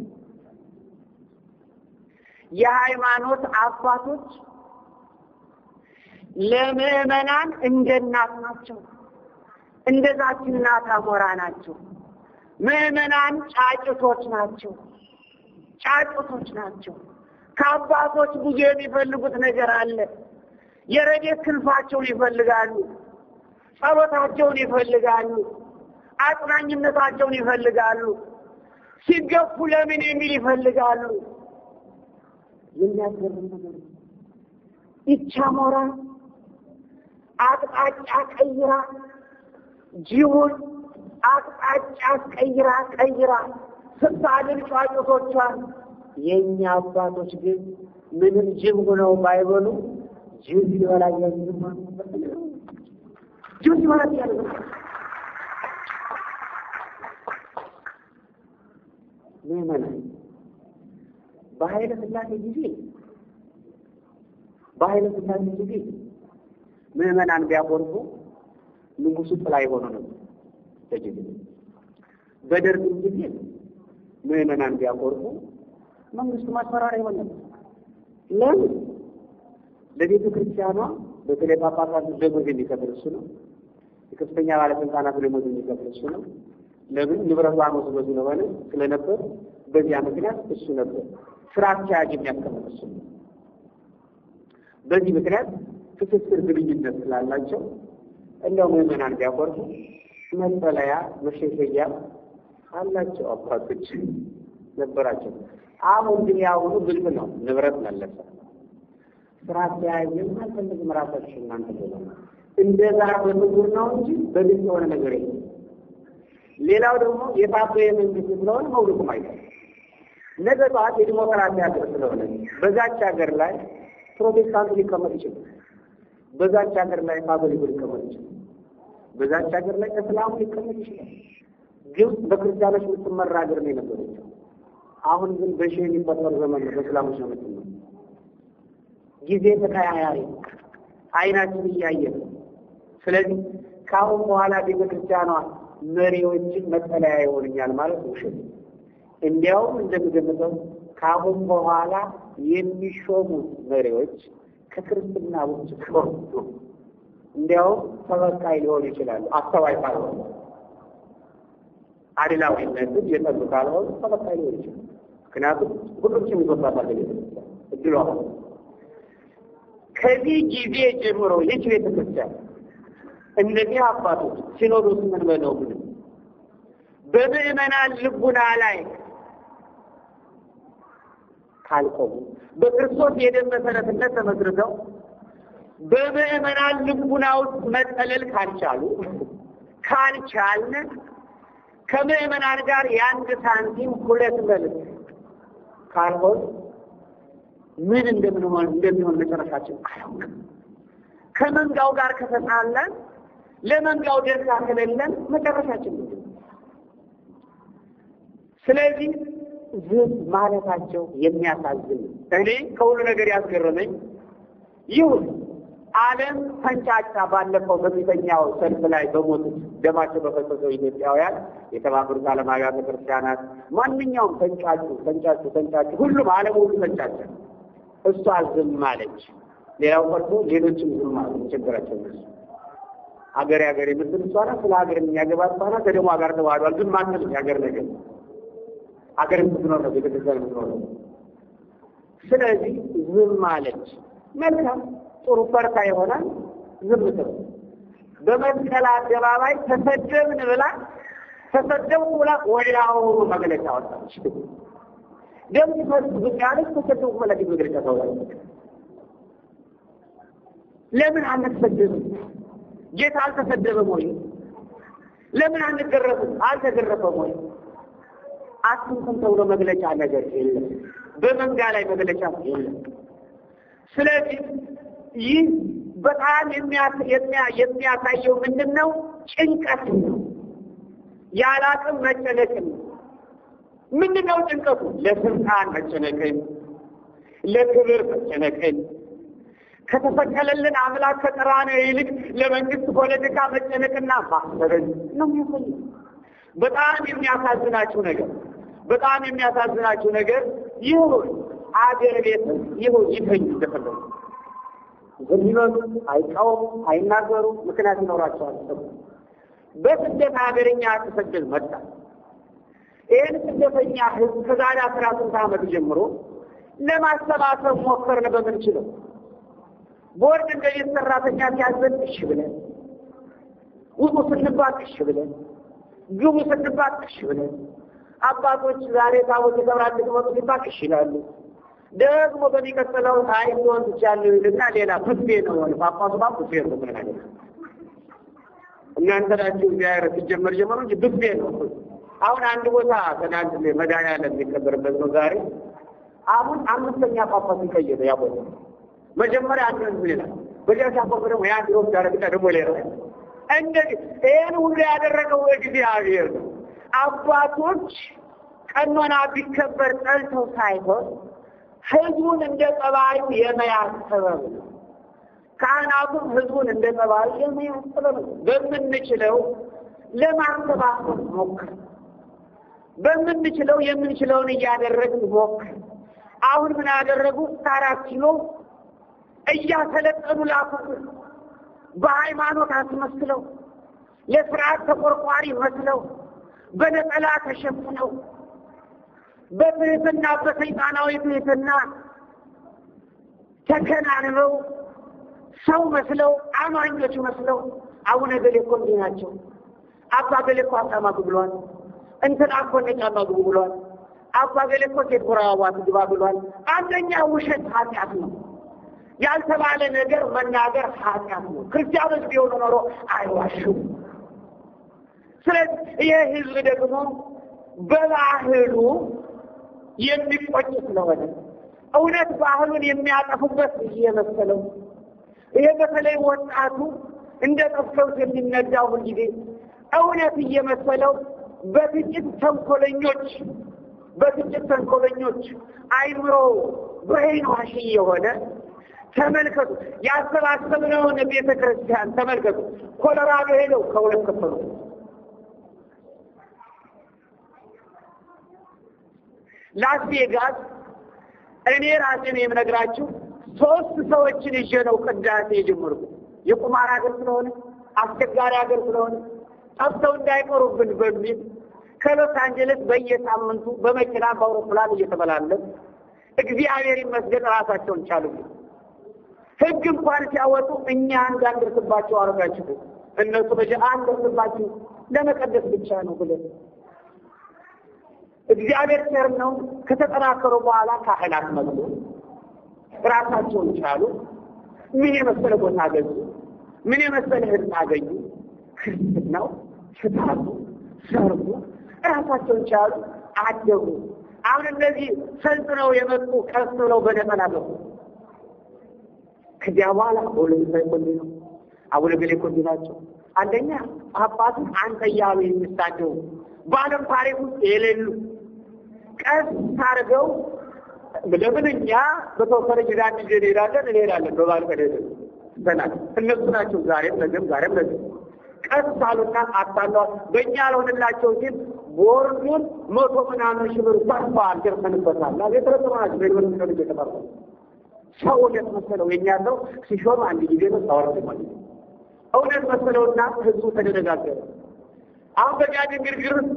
Speaker 1: የሃይማኖት አባቶች ለምዕመናን እንደ እናት ናቸው። እንደዛች እናት አሞራ ናቸው። ምዕመናን ጫጩቶች ናቸው። ጫጭቶች ናቸው። ከአባቶች ብዙ የሚፈልጉት ነገር አለ። የረዴት ክንፋቸውን ይፈልጋሉ። ጸሎታቸውን ይፈልጋሉ። አጽናኝነታቸውን ይፈልጋሉ። ሲገፉ ለምን የሚል ይፈልጋሉ። የሚያስገርም ነገር ይቻ ሞራ አቅጣጫ ቀይራ ጅቡን አቅጣጫ ቀይራ ቀይራ ስታድን ጫጩቶቿን የእኛ አባቶች ግን ምንም ጅብ ሆነው ባይበሉ ጅብ ሲበላ ጅብ ሲበላ ምዕመናን በኃይለ ሥላሴ ጊዜ በኃይለ ሥላሴ ጊዜ ምዕመናን ቢያቆርቡ ንጉሱ ጥላ የሆኑ ነው ተጅብ በደርግም ጊዜ ምዕመናን ቢያቆርቡ መንግስቱ ማስፈራሪያ ይሆናል። ለም ለቤተ ክርስቲያኗ በተለይ ጳጳሳት ደሞዝ የሚከፍል እሱ ነው። የከፍተኛ ባለስልጣናት ደሞዝ የሚከፍል እሱ ነው። ለምን ንብረቷ አመቱ በዙ ለሆነ ስለነበር በዚያ ምክንያት እሱ ነበር ስራ አስኪያጅ የሚያስቀምጥ እሱ ነው። በዚህ ምክንያት ትስስር ግንኙነት ስላላቸው እንደው ምዕመናን ቢያቆርቡ መጠለያ መሸሸጊያ አላቸው አባቶች ነበራቸው። አሁን ግን ያ ግልብ ነው። ንብረት መለሰ። ስራ ተያየም አልፈልግም። ራሳችሁ እናንተ ገለ እንደዛ በምጉር ነው እንጂ በግልጽ የሆነ ነገር የለም። ሌላው ደግሞ የፓርቶ መንግስት ስለሆነ መውልቁም አይቀርም። ነገ ጠዋት የዲሞክራሲ ሀገር ስለሆነ በዛች ሀገር ላይ ፕሮቴስታንቱ ሊቀመጥ ይችላል። በዛች ሀገር ላይ ካቶሊኩ ሊቀመጥ ይችላል። በዛች ሀገር ላይ እስላሙ ሊቀመጥ ይችላል። ግብጽ በክርስቲያኖች የምትመራ ሀገር ነው የነበረችው። አሁን ግን በሺህ የሚቆጠሩ ዘመን ነው በእስላሞች ነው ነው ጊዜ ተቀያያሪ አይናችን እያየ ነው። ስለዚህ ከአሁን በኋላ ቤተ ክርስቲያኗ መሪዎችን መጠለያ ይሆንኛል ማለት ውሸት። እንዲያውም እንደምገምጠው ከአሁን በኋላ የሚሾሙት መሪዎች ከክርስትና ውጭ ከወጡ እንዲያውም ተበቃይ ሊሆኑ ይችላሉ። አስተዋይ ካልሆኑ አድላዊነትን የጠሉ ካልሆኑ ተበቃይ ሊሆኑ ይችላሉ። ምክንያቱም ሁሎችም ይጎባታል ቤተክርስቲያን እድሏ ከዚህ ጊዜ ጀምሮ ይች ቤተክርስቲያን እነዚህ አባቶች ሲኖዶስ ምን በለው ምንም በምእመናን ልቡና ላይ ካልቆሙ በክርስቶስ የደም መሰረትነት ተመስርተው በምእመናን ልቡና ውስጥ መጠለል ካልቻሉ ካልቻልን ከምእመናን ጋር የአንድ ሳንቲም ሁለት መልክ ካልሆን ምን እንደምንሆን እንደሚሆን መጨረሻችን አያውቅም። ከመንጋው ጋር ከተጣላን ለመንጋው ደርሳ ከሌለን መጨረሻችን ምንድን ነው? ስለዚህ ዝም ማለታቸው የሚያሳዝን እኔ ከሁሉ ነገር ያስገረመኝ ይሁን ዓለም ተንጫጫ። ባለፈው በፊተኛው ሰልፍ ላይ በሞት ደማቸው በፈሰሰው ኢትዮጵያውያን የተባበሩት ዓለም አብያተ ክርስቲያናት ማንኛውም ተንጫጩ ተንጫጩ ተንጫጩ፣ ሁሉም ዓለም ሁሉ ተንጫጨ። እሷ ዝም አለች። ሌላው ቀርቶ ሌሎችም ዝም አሉ። ችግራቸው ነሱ አገሬ አገሬ የምትል እሷ ናት። ስለ ሀገር የሚያገባ እሷ ናት። ከደግሞ ሀገር ተዋህዷል። ግን ማንም የሀገር ነገር ሀገር የምትኖር ነው። ቤተክርስቲያን የምትኖር ነው። ስለዚህ ዝም አለች። መልካም ጥሩ ፈርታ የሆነ ዝም ትል በመስቀል አደባባይ ተሰደብን ብላ ተሰደብኩ ብላ ወዲያውኑ መግለጫ ወጣች። ደም ሲፈስ ብቅ ያለች ተሰደብኩ መለኪት መግለጫ ታወጣለች። ለምን አንተሰደብም? ጌታ አልተሰደበም ወይ? ለምን አንገረፍም? አልተገረፈም ወይ? አትንኩም ተብሎ መግለጫ ነገር የለም። በመንጋ ላይ መግለጫ የለም። ስለዚህ ይህ በጣም የሚያሳየው ምንድን ነው? ጭንቀት ነው። ያለ አቅም ነው። ምንድን ነው ጭንቀቱ? ለስልጣን መጨነቅን፣ ለክብር መጨነቅን፣ ከተፈቀለልን አምላክ ከቀራንዮ ይልቅ ለመንግስት ፖለቲካ መጨነቅና ማሰብን ነው የሚያሳየ በጣም የሚያሳዝናችሁ ነገር በጣም የሚያሳዝናችሁ ነገር ይሁን አገር ቤት ይሁን ይተኝ እንደፈለጉ ዝም አይቃወሙ፣ አይናገሩ፣ ምክንያት ይኖራቸዋል። በስደት ሀገርኛ ተሰደል መጣ። ይህን ስደተኛ ህዝብ ከዛሬ አስራ ስንት ዓመት ጀምሮ ለማሰባሰብ ሞከርን በምንችለው ቦርድ እንደ ቤት ሰራተኛ ሲያዘን እሺ ብለን ውጡ ስንባት እሺ ብለን ግቡ ስንባት እሺ ብለን አባቶች ዛሬ ታቦት የገብራል ልትመጡ ሲባል እሺ ይላሉ። ደግሞ በሚቀጥለው አይ ሆን ትቻለሁ ይልና ሌላ ቡፌ ነው ሆነ ጳጳሱ ባ ቡፌ ነው ሆነ እናንተ ናችሁ እግዚአብሔር ሲጀመር ጀመሩ እንጂ ቡፌ ነው። አሁን አንድ ቦታ ትናንት መድኃኒዓለም የሚከበርበት ነው ዛሬ አሁን አምስተኛ ጳጳስ ይቀየሩ ያ ቦታ መጀመሪያ አንድ ነው ሌላ በዚያ ሲያቆም ደግሞ ያ ድሮስ ዳረግጫ ደግሞ ሌላ እንደዚህ ይህን ሁሉ ያደረገው እግዚአብሔር ነው። አባቶች ቀኖና ቢከበር ጠልተው ሳይሆን ህዝቡን እንደ ጸባዩ የመያዝ ጥበብ ነው። ካህናቱም ህዝቡን እንደ ጸባዩ የመያዝ ጥበብ ነው። በምንችለው ለማንሰባሰብ ሞክር። በምንችለው የምንችለውን እያደረግን ሞክር። አሁን ምን ያደረጉ አራት ኪሎ እያሰለጠኑ ላኩት። በሃይማኖት አስመስለው ለስርዓት ተቆርቋሪ መስለው በነጠላ ተሸፍነው በትህትና በሰይጣናዊ ትህትና ተከናንበው ሰው መስለው አማኞች መስለው አቡነ ገሌ እኮ እንዲህ ናቸው፣ አባ ገሌ እኮ አጣማጉ ብሏል፣ እንትና እኮ ነጫማጉ ብሏል፣ አባ ገሌ እኮ ሴት ጎረባባት ግባ ብሏል። አንደኛ ውሸት ኃጢአት ነው። ያልተባለ ነገር መናገር ኃጢአት ነው። ክርስቲያኖች ቢሆኑ ኖሮ አይዋሹም። ስለዚህ ይህ ህዝብ ደግሞ በባህሉ የሚቆጭ ስለሆነ እውነት ባህሉን የሚያጠፉበት እየመሰለው ይሄ በተለይ ወጣቱ እንደ ጠፍተውት የሚነዳው ሁልጊዜ እውነት እየመሰለው በጥቂት ተንኮለኞች በጥቂት ተንኮለኞች አይምሮ ብሬን ዋሽ የሆነ ተመልከቱ፣ ያሰባሰብነውን ቤተ ክርስቲያን ተመልከቱ። ኮሎራዶ ሄደው ከሁለት ከፈሉ ላስ ቬጋስ እኔ ራሴን የምነግራችሁ ሶስት ሰዎችን ይዤ ነው ቅዳሴ የጀመርኩ። የቁማር ሀገር ስለሆነ አስቸጋሪ ሀገር ስለሆነ ጠፍተው እንዳይቀሩብን በሚል ከሎስ አንጀለስ በየሳምንቱ በመኪና በአውሮፕላን እየተበላለን እግዚአብሔር ይመስገን ራሳቸውን ቻሉብን። ህግ እንኳን ሲያወጡ እኛ እንዳንደርስባቸው አረጋችሁ እነሱ በጀ አንደርስባችሁ ለመቀደስ ብቻ ነው ብለን እግዚአብሔር ቸር ነው። ከተጠናከሩ በኋላ ካህናት መጡ። ራሳቸውን ቻሉ። ምን የመሰለ ቦታ አገኙ። ምን የመሰለ ህንፃ አገኙ። ክርስትናው፣ ፍታቱ፣ ሰርጉ ራሳቸውን ቻሉ፣ አደጉ። አሁን እነዚህ ሰልጥነው የመጡ ቀስ ብለው በነጠላ ገቡ። ከዚያ በኋላ ሁለት ሳይቆንዲ ነው አቡነ ገሌ ኮንዲ ናቸው። አንደኛ አባቱ አንተ እያሉ የሚሳደቡ በዓለም ታሪክ ውስጥ የሌሉ ቀስ ታርገው ለምን እኛ በተወሰነ ጊዜ አንድ ጊዜ እንሄዳለን እንሄዳለን በባል ቀደደ ይበላል እነሱ ናቸው። ዛሬም ነገም ዛሬም ነገም ቀስ አሉና አታለዋል። በእኛ ያልሆንላቸው ግን ቦርዱን መቶ ምናምን ሺህ ብር ሰርተዋል። ደርሰንበታል። የተረሰማች በዩኒቨርስቲ ልጅ የተመራ ሰው እውነት መሰለው የኛ ሰው ሲሾም አንድ ጊዜ ነው ሳወርድ ማለት እውነት መሰለውና ህዝቡ ተደነጋገረ። አሁን በጋድን ግርግር ውስጥ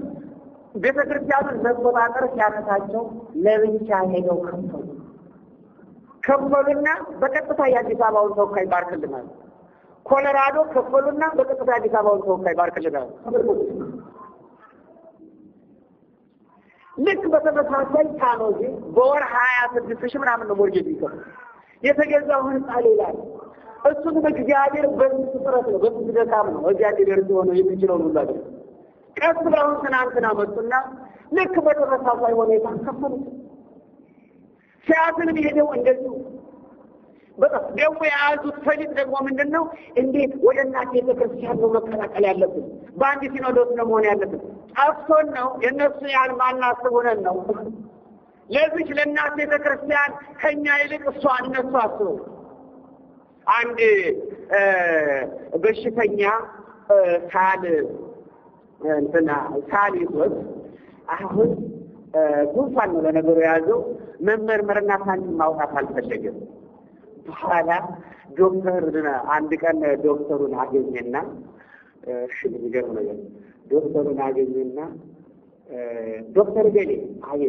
Speaker 1: ቤተ ክርስቲያኑን መቆጣጠር ሲያነሳቸው ለብቻ ሄደው ከፈሉ። ከፈሉና በቀጥታ የአዲስ አበባውን ተወካይ ባርክልናል። ኮሎራዶ ከፈሉና በቀጥታ የአዲስ አበባውን ተወካይ ባርክልናል። ልክ በተመሳሳይ ታኖዚ በወር ሀያ ስድስት ሺ ምናምን ነው ሞርጌ ይከፍል የተገዛው ህንፃ ሌላ ነው። እሱም እግዚአብሔር በምስጥረት ነው፣ ደካም ነው። እግዚአብሔር ርስ የሆነው የሚችለውን ሁሉ ቀስ ብለውን ትናንትና መጡና ልክ በተመሳሳይ ሁኔታ ከፈሉ። ሲያትንም ሄደው እንደዚሁ ደግሞ የያዙት ፈሊጥ ደግሞ ምንድን ነው? እንዴት ወደ እናት ቤተ ክርስቲያን ነው መቀላቀል ያለብን? በአንድ ሲኖዶስ ነው መሆን ያለብን። ጠፍቶን ነው የእነሱ ያህል ማናስብ ሆነን ነው። ለዚች ለእናት ቤተ ክርስቲያን ከእኛ ይልቅ እሷ እነሱ አስበው። አንድ በሽተኛ ሳል እንትና ሳል ይሁን አሁን ጉንፋን ነው ለነገሩ የያዘው። መመርመርና ሳል ማውጣት አልፈለገም። በኋላ ዶክተር አንድ ቀን ዶክተሩን አገኘና እሺ ነገር ዶክተሩን አገኘና ዶክተር ገሌ አየ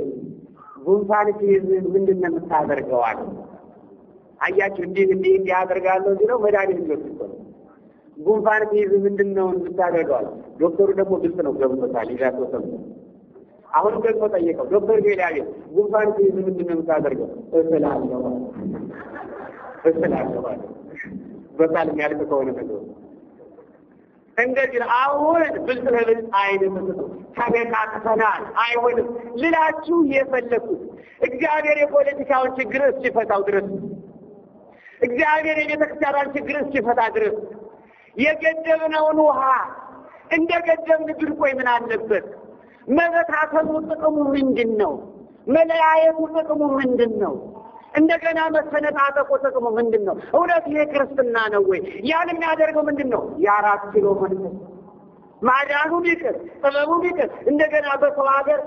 Speaker 1: ጉንፋን ሲይዝ ምንድን ነው የምታደርገዋል? አያችሁ እንዲህ እንዲህ እንዲህ አደርጋለሁ ሲለው መድኃኒት ነው ጉንፋን ቢይዝ ምንድን ነው እንታደርገዋል? ዶክተሩ ደግሞ ግልጽ ነው ገብቶታል። ይዛቶ ሰሙ አሁን ደግሞ ጠየቀው። ዶክተር ቤላቤ ጉንፋን ቢይዝ ምንድን ነው የምታደርገው? እስላለሁ እስላለሁ አለ። በሳል የሚያልቅ ከሆነ ነገር እንደዚህ አሁን ብልጽ ብልጥለብል አይነት ተበቃቅተናል። አይሆንም ልላችሁ የፈለኩት እግዚአብሔር የፖለቲካውን ችግር እስኪፈታው ድረስ እግዚአብሔር የቤተክርስቲያኗን ችግር እስኪፈታ ድረስ የገደብነውን ውሃ እንደ ገደብን ብንቆይ ምን አለበት? መበታተኑ ጥቅሙ ምንድን ነው? መለያየቱ ጥቅሙ ምንድን ነው? እንደገና መሰነጣጠቁ ጥቅሙ ምንድን ነው? እውነት ይሄ ክርስትና ነው ወይ? ያን የሚያደርገው ምንድን ነው? የአራት ኪሎ መንፈስ ማዳኑ ይቅር ጥበቡን ይቅር እንደገና በሰው ሀገር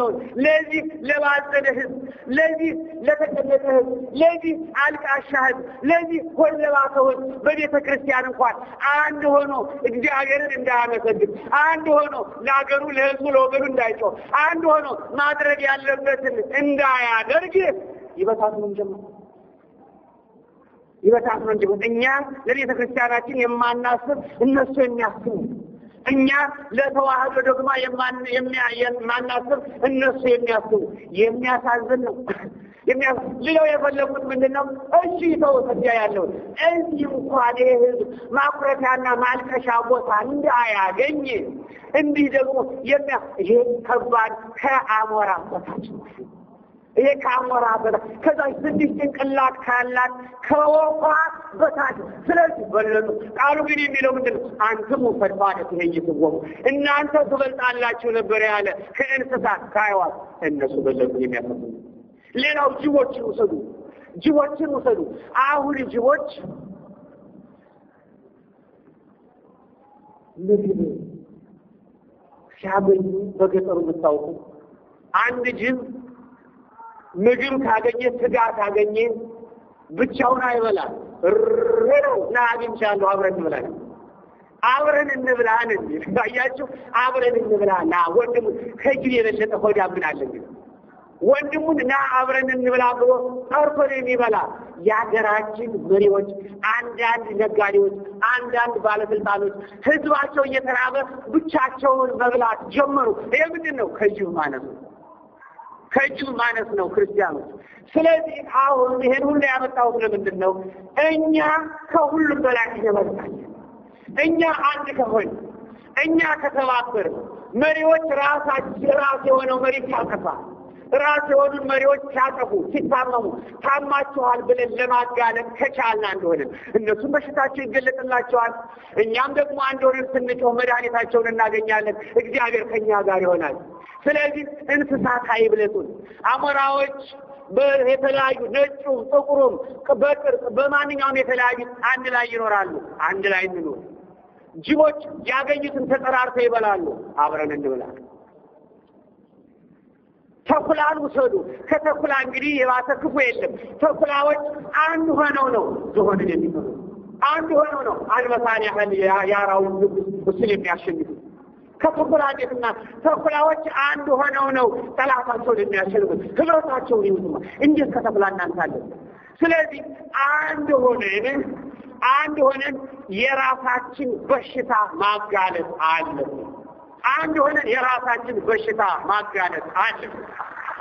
Speaker 1: ነው። ለዚህ ለባዘነ ህዝብ፣ ለዚህ ለተቀመጠ ህዝብ፣ ለዚህ አልቃሻ ህዝብ፣ ለዚህ ሆለባተውን በቤተ ክርስቲያን እንኳን አንድ ሆኖ እግዚአብሔርን እንዳያመሰግን፣ አንድ ሆኖ ለሀገሩ ለህዝቡ ለወገኑ እንዳይጮ አንድ ሆኖ ማድረግ ያለበትን እንዳያደርግ ይበታትንም ጀምሮ ይበታት ነው እንዲሁም እኛ ለቤተ ክርስቲያናችን የማናስብ እነሱ የሚያስቡ እኛ ለተዋህዶ ደግሞ የማናስብ እነሱ የሚያስቡ የሚያሳዝን ነው። ሌላው የፈለጉት ምንድን ነው? እሺ ሰው ስያ ያለው እዚህ እንኳን ህዝብ ማኩረፊያና ማልቀሻ ቦታ እንዳያገኝ እንዲህ ደግሞ የሚያ ይህ ከባድ ከአሞራ ቦታችን ይሄ ከአሞራ በታች ከዛች ስድስት ጭንቅላት ካላት ከወፏ በታች ስለዚህ በለጡ። ቃሉ ግን የሚለው ምንድን ነው? አንትሙ ይሄ ትሄይትዎሙ እናንተ ትበልጣላችሁ ነበር ያለ ከእንስሳት ከአዕዋፍ እነሱ በለጡ። የሚያፈ ሌላው ጅቦችን ውሰዱ፣ ጅቦችን ውሰዱ። አሁን ጅቦች ምግብ ሲያገኙ በገጠሩ የምታውቁ አንድ ጅብ ምግብ ካገኘ ስጋ ካገኘ ብቻውን አይበላም። ሬው ና አግኝቻለሁ፣ አብረን እንብላ፣ አብረን እንብላን አያችሁ፣ አብረን እንብላ ና ወንድሙ ከጅብ የበለጠ ሆዳ ምን አለ? ወንድሙን ና አብረን እንብላ ብሎ ጠርቶ ነው የሚበላ። የሀገራችን መሪዎች፣ አንዳንድ ነጋዴዎች፣ አንዳንድ ባለስልጣኖች ህዝባቸው እየተራበ ብቻቸውን መብላት ጀመሩ። ይሄ ምንድን ነው? ከጅብ ማለት ነው። ከእጁ ማነስ ነው ክርስቲያኖች። ስለዚህ አሁን ይሄን ሁሉ ያመጣሁት ለምንድን ነው? እኛ ከሁሉም በላይ ይበልጣል። እኛ አንድ ከሆን፣ እኛ ከተባበር፣ መሪዎች ራሳቸው የራስ የሆነው መሪ ያጠፋል ራስ የሆኑ መሪዎች ሲያጠፉ ሲታመሙ ታማችኋል ብለን ለማጋለም ከቻልን አንድ እነሱም በሽታቸው ይገለጥላቸዋል፣ እኛም ደግሞ አንድ ሆነን ስንጮህ መድኃኒታቸውን እናገኛለን። እግዚአብሔር ከኛ ጋር ይሆናል። ስለዚህ እንስሳት አይብለጡን። አሞራዎች የተለያዩ ነጩም ጥቁሩም በቅርጽ በማንኛውም የተለያዩ አንድ ላይ ይኖራሉ። አንድ ላይ እንኖር። ጅቦች ያገኙትን ተጠራርተው ይበላሉ። አብረን እንብላል። ተኩላን ውሰዱ። ከተኩላ እንግዲህ የባሰ ክፉ የለም። ተኩላዎች አንድ ሆነው ነው ዝሆንን የሚፈሩ አንድ ሆነው ነው አንበሳን ያህል የአራዊት እሱን የሚያሸንፉ ከተኩላ እንዴትና ተኩላዎች አንድ ሆነው ነው ጠላታቸውን የሚያሸንፉት ህብረታቸውን ይዙማ እንዴት ከተኩላ እናንሳለን? ስለዚህ አንድ ሆነን አንድ ሆነን የራሳችን በሽታ ማጋለጥ አለብን። አንድ ሆነን የራሳችን በሽታ ማጋለጥ አለ።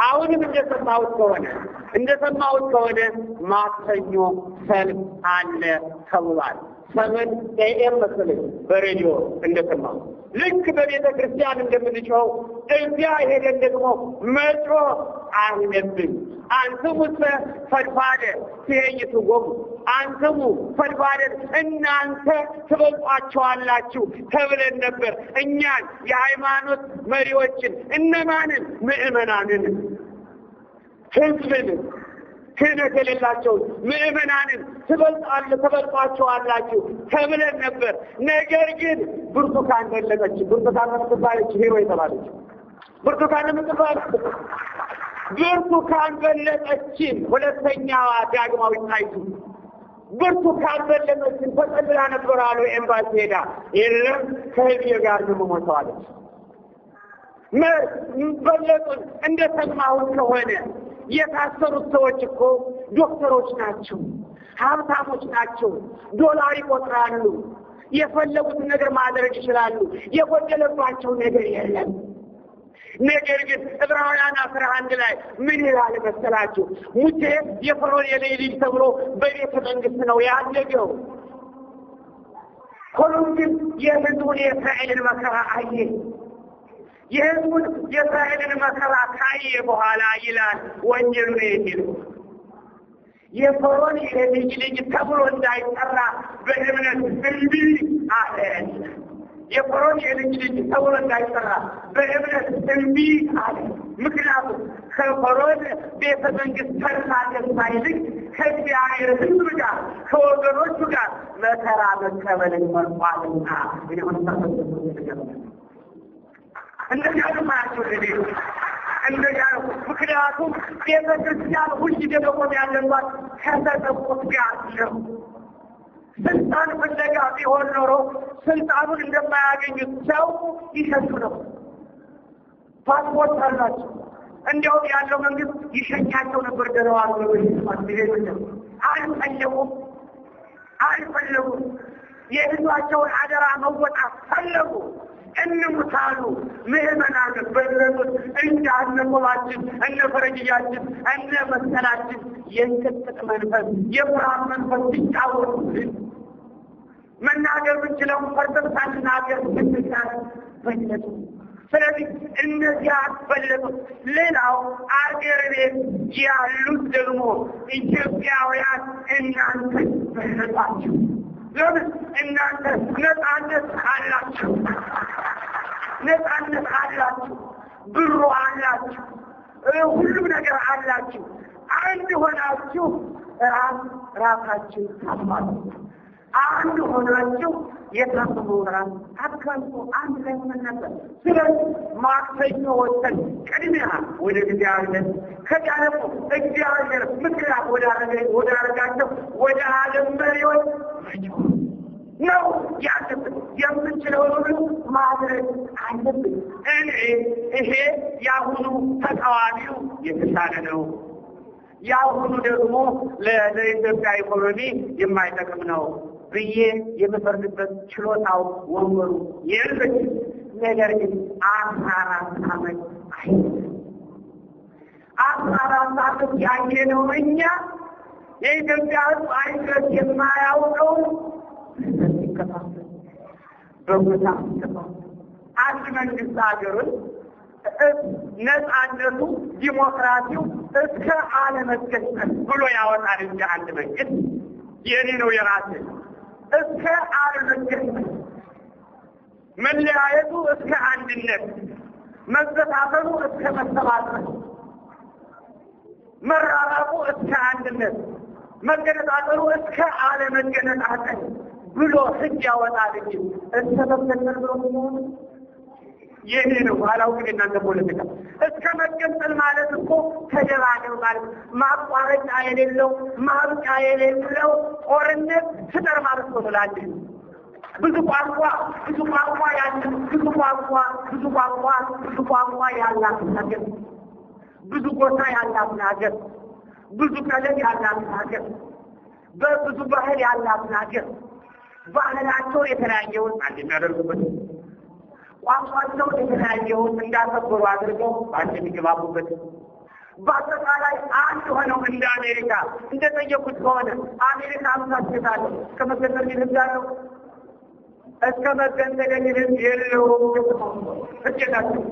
Speaker 1: አሁንም እንደሰማሁት ከሆነ እንደሰማሁት ከሆነ ማክሰኞ ሰልፍ አለ ተብሏል። ሰምን ኤኤም መሰለኝ በሬዲዮ እንደሰማሁት ልክ በቤተ ክርስቲያን እንደምንጮኸው እዚያ ሄደን ደግሞ መጮ አይነብን። አንትሙ እስመ ፈድፋደ ትሄይትጎሙ አንትሙ ፈድፋደ እናንተ ትበልጧቸዋላችሁ ተብለን ነበር። እኛን የሃይማኖት መሪዎችን እነማንን? ምዕመናንን፣ ህዝብን ክህነት የሌላቸውን ምእመናንን ትበልጣለ ትበልጧቸዋላችሁ ተብለን ነበር። ነገር ግን ብርቱካን በለጠች። ብርቱካን የምትባለች ሄሮ የተባለች ብርቱካን የምትባል ብርቱካን በለጠችን። ሁለተኛዋ ዳግማዊት ጣይቱ ብርቱካን በለጠችን። ተጠልላ ነበር አሉ ኤምባሲ ሄዳ የለም ከህዝብ ጋር ምሞተዋለች በለጡን እንደ ሰማሁት ከሆነ የታሰሩት ሰዎች እኮ ዶክተሮች ናቸው፣ ሀብታሞች ናቸው። ዶላር ይቆጥራሉ። የፈለጉትን ነገር ማድረግ ይችላሉ። የጎደለባቸው ነገር የለም። ነገር ግን ዕብራውያን አስራ አንድ ላይ ምን ይላል መሰላችሁ? ሙሴ የፈርዖን የልጅ ልጅ ተብሎ በቤተ መንግስት ነው ያደገው። ሆኖም ግን የህዝቡን የእስራኤልን መከራ አየ። የህዝቡን የእስራኤልን መከራ ካየ በኋላ ይላል ወንጀሉ የሚሉ የፈሮን የልጅ ልጅ ተብሎ እንዳይጠራ በእምነት እምቢ አለ። የፈሮን የልጅ ልጅ ተብሎ እንዳይጠራ በእምነት እምቢ አለ። ምክንያቱም ከፈሮን ቤተ መንግስት ተርታ ተርፋለት ሳይልቅ ከእግዚአብሔር ህዝብ ጋር ከወገኖቹ ጋር መከራ መቀበልን መርቋልና ሆነ ተፈ እንደዚያ ነው ማያቸው እኔ እንደዚያ ነው። ምክንያቱም ቤተክርስቲያን ሁልጊዜ መቆም ያለባት ከተጠቁት ጋር ነው። ስልጣን ፍለጋ ቢሆን ኖሮ ስልጣኑን እንደማያገኙት ሰው ይሸሹ ነው። ፓስፖርት አላቸው። እንዲያውም ያለው መንግስት ይሸኛቸው ነበር። ደረዋል ነው አልፈለጉም፣ አልፈለጉም። የህዝባቸውን አደራ መወጣት ፈለጉ። እንሙታሉ ምዕመናን በድረቶች እንደ አነቆባችን እነ ፈረጅያችን እነ መሰላችን የንቅጥቅ መንፈስ የፍርሃት መንፈስ ሲጫወቱብን መናገር ብንችለውን ፈርተን ሳንናገር ምንሳት በለጡ። ስለዚህ እነዚያ በለጡ። ሌላው አገር ቤት ያሉት ደግሞ ኢትዮጵያውያን እናንተ በለጧችሁ። ለምን እናንተ ነፃነት አላችሁ፣ ነፃነት አላችሁ፣ ብሩ አላችሁ፣ ሁሉም ነገር አላችሁ። አንድ ሆናችሁ ራስ ራሳችን ታማሉ አንድ ሆናችሁ የተሱ ምሁራን አካንቱ አንድ ላይ ሆነን ነበር። ስለዚህ ማክሰኞ ወጥተን ቅድሚያ ወደ እግዚአብሔር ከጫነቁ እግዚአብሔር ምክንያት ወዳረጋቸው ወደ ዓለም መሪዎች ነው ያለብን። የምንችለው ሁሉ ማድረግ አለብን። እኔ ይሄ የአሁኑ ተቃዋሚው የተሻለ ነው የአሁኑ ደግሞ ለኢትዮጵያ ኢኮኖሚ የማይጠቅም ነው ብዬ የምፈርድበት ችሎታው ወንበሩ የለች። ነገር ግን አስራ አራት ዓመት አይ አስራ አራት ዓመት ነው እኛ የኢትዮጵያ ሕዝብ አይነት የማያውቀው ሲከፋፈል በጎታ ሲከፋፈል አንድ መንግስት ሀገሩን ነጻነቱ ዲሞክራሲው እስከ አለመገጠም ብሎ ያወጣል እንጂ አንድ መንግስት የኔ ነው የራሴ እስከ አለመገት መለያየቱ እስከ አንድነት መዘታተሉ እስከ መሰባሰብ መራራቁ እስከ አንድነት መገነጣጠሩ እስከ አለመገነጣጠል ብሎ ህግ ያወጣል እንጂ እስከ መገነጠር ብሎ መገነጣጠሉ የኔ ነው ግን እናንተ ፖለቲካ እስከ መገንጠል ማለት እኮ ተደባደብ ማለት ማቋረጫ የሌለው ማብጫ የሌለው ጦርነት ፍጠር ማለት ነው። ስላለ ብዙ ቋንቋ ብዙ ቋንቋ ያለ ብዙ ቋንቋ ብዙ ቋንቋ ብዙ ቋንቋ ያላት ሀገር፣ ብዙ ጎሳ ያላት ሀገር፣ ብዙ ቀለም ያላት ሀገር፣ በብዙ ባህል ያላት ሀገር ባህላቸው የተለያየውን አንድ የሚያደርጉበት ቋንቋቸው የተለያየውን እንዳሰበሩ አድርገው አንድ የሚገባቡበት በአጠቃላይ አንድ ሆነው እንደ አሜሪካ እንደጠየቁት ከሆነ አሜሪካ ምታስገታለ ከመገንጠል ህዝብ አለው እስከ መገንጠል ህዝብ የለውም። እጀታቸው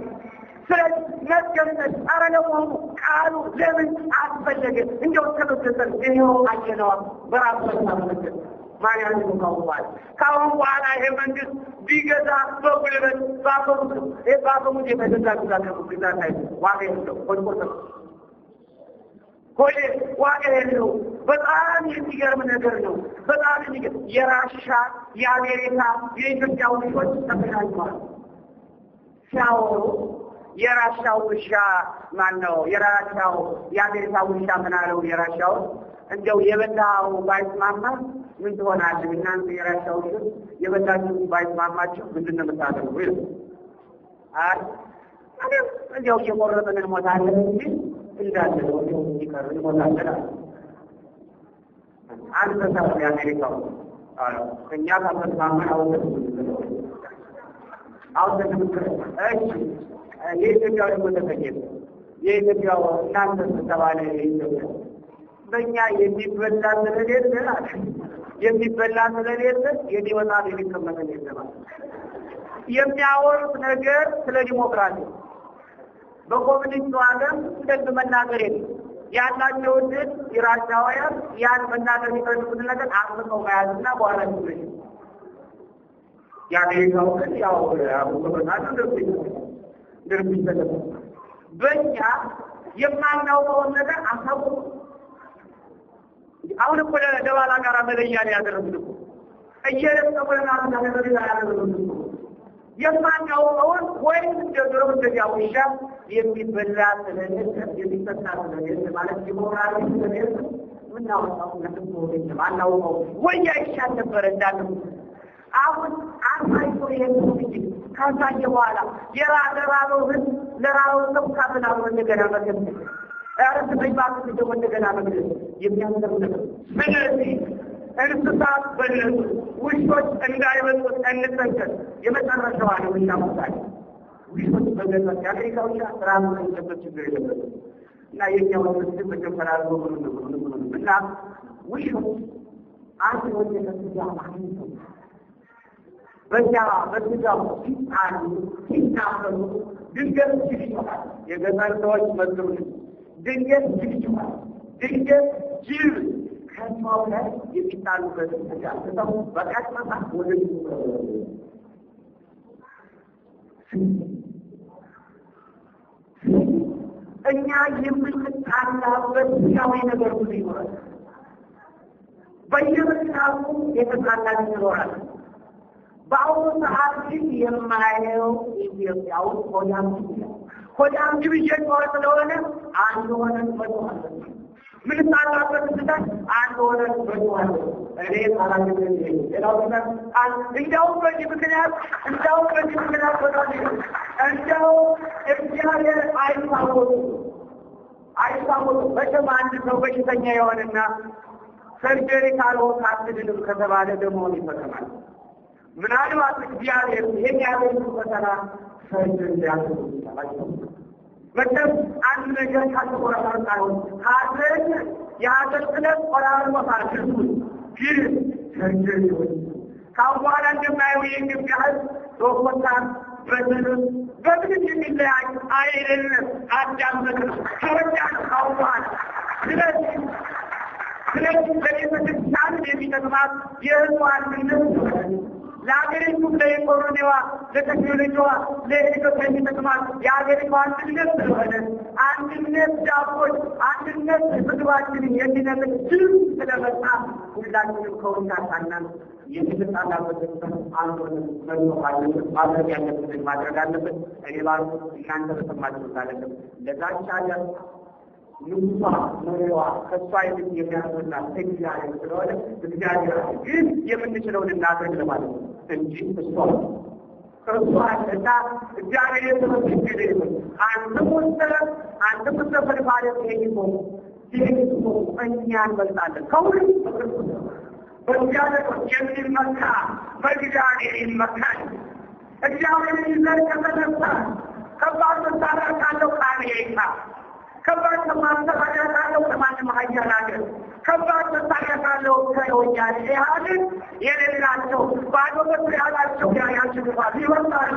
Speaker 1: ስለዚህ መስገንጠል አረ ለመሆኑ ቃሉ ለምን አስፈለገ? እንደው እስከ መገንጠል ይኸው አየነዋል በራሱ መሳ መገንጠል ማን ያንቃውባል? ካሁን በኋላ ይሄ መንግስት ቢገዛ በጉልበት ባፈሙት ይሄ ባፈሙት የተገዛ ግዛት ግዛት ዋጋ የለው ቆጥቆጥ ዋጋ የለው። በጣም የሚገርም ነገር ነው። በጣም የሚገርም የራሻ የአሜሪካ የኢትዮጵያ ውሾች ሲያወሩ የራሻው ውሻ ማን ነው? የራሻው የአሜሪካ ውሻ ምናለው የራሻው እንደው የበላው ባይስማማ ምን ትሆናለህ? እናንተ የረሳችሁትን የበላችሁ ባይስማማችሁ ምንድን ነው የምታደርጉ? ይል አይ እንደው እየቆረጥን እንሞታለን እንጂ እንዳለ ነው የሚቀር እንሞታለን አለ። አንተ ሰው የአሜሪካው እኛ ካልተስማማ አውጥን አውጥን ምክር እሺ የኢትዮጵያ ደግሞ ተገኘ የኢትዮጵያ እናንተ ተባለ የኢትዮጵያ በእኛ የሚበላ ስለሌለ የሚበላ ስለሌለ የሚወጣ የሚቀመጥ የለም። የሚያወሩት ነገር ስለ ዲሞክራሲ በኮሚኒስቱ ዓለም ደግ መናገር የለም። ያላቸው ድል ኢራቻውያን ያን መናገር የሚፈልጉትን ነገር አጥብቀው መያዝና በኋላ ሚገኝ የአሜሪካው ግን ያው አቡበናቱ ድርብ ድርብ ይሰለፋል። በእኛ የማናውቀውን ነገር አሳውቁ አሁን እኮ ለባላ ጋራ መለያ ነው ያደረጉት እኮ እየለቀቁ ለማለት ያደረጉት ያደረጉት እኮ የማናውቀውን ወይም እንደድሮ እንደዚያ ውሻ የሚበላ ስለሌለ የሚጠጣ ስለሌለ ማለት ዲሞራል ስለሌለ ምናውቀው ለምንሆነ ወይ አይሻል ነበረ እንዳለ አሁን ካሳየ በኋላ ህዝብ ለራበው ሰው ካብናብሮ ነገር መገብ አረፍት በይባክህ ደግሞ እንደገና መግለጽ የሚያስተምር ስለዚህ እንስሳት በለጡ ውሾች እንዳይበጡ እንጠንቀቅ። የመጨረሻዋ ነው እናመጣል ውሾች በገጠር የአሜሪካ ውሻ ራሱ የሚጠበቅ ችግር የለበት እና የኛ መንግስት መጀመሪያ አድርጎ ብሎ ነው እና ውሾች አንድ ወንድ ከስጋ ማግኘት ነው በእኛ ሲጣሉ ሲናፈሉ ድንገት ሲሽ የገጠር ሰዎች መዝግብ ነው ድንገት ጅግጅማ፣ ድንገት ጅብ ከማው ላይ የሚጣሉበት ተጋፍተው በቀጥታ ወደ እኛ የምንጣላበት ስጋዊ ነገር ብዙ ይኖራል። በየምክንያቱ የተጣላን ይኖራል። በአሁኑ ሰዓት ግን የማየው ኢትዮጵያ ውስጥ ሆዳም ሆዳም ግብዣ ስለሆነ አንድ ሆነን በጮኋለን። ምንጣላበት ስተን አንድ ሆነን በጮኋለን። እኔ ታላቅ ሌላው እንዲያውም በዚህ ምክንያት እንዲያውም በዚህ ምክንያት በጣም እንዲያው እግዚአብሔር አይታወቁም አይታወቁም። መቼም አንድ ሰው በሽተኛ የሆነና ሰርጀሪ ካልሆን አትድንም ከተባለ ደመሆን ይፈተናል። ምናልባት እግዚአብሔር ይህን ያገኙ ፈተና ሰርጀሪ ያገኙ ይቻላል በደም አንድ ነገር ካተቆራጠረ ሳይሆን ሀሰት የሀሰት ስለት ቆራርጦታል። ህዝቡን ግን ተገኝ ሆን ካሁን በኋላ እንደማየው የኢትዮጵያ ህዝብ በኮታም በምንም በምንም የሚለያይ አይደለም። አዳመጥ ነው ተረዳ ካሁን በኋላ ስለዚህ ስለዚህ ለቤተ ክርስቲያን የሚጠቅማት የህዝቡ አንድነት ነው። ለሀገሪቱ ለኢኮኖሚዋ፣ ለቴክኖሎጂዋ፣ ለኢትዮጵያ የሚጠቅማት የሀገሪቱ አንድነት ስለሆነ አንድነት ዳቦች አንድነት ምግባችንን የሚነጥቅ ስለመጣ ሁላችንም ከሁና ሳናን የምንጣላበትን መኖር ማድረግ ማድረግ እኔ ባሉ እናንተ ለዛቻ ንጉሷ መሪዋ ከእሷ እግዚአብሔር ስለሆነ እግዚአብሔር ግን የምንችለውን እናድርግ ለማለት ነው። and Jesus followed. አንተ ማለት ይሄ ነው ይሄ ነው እኛን በልጣለን ከሁሉ በእግዚአብሔር የሚመካ በእግዚአብሔር ይመካል። እግዚአብሔር ይዘን ከተነሳ ከባድ መሳሪያ ካለው ቃል ያይታ ከባድ ከማስተፋቂያ ካለው ከማንም ሀያል ሀገር ከባድ መሳሪያ ካለው ኢህአዴግ የሌላቸው ባዶ በኩል ያላቸው ያያችሉታል ይወጣሉ።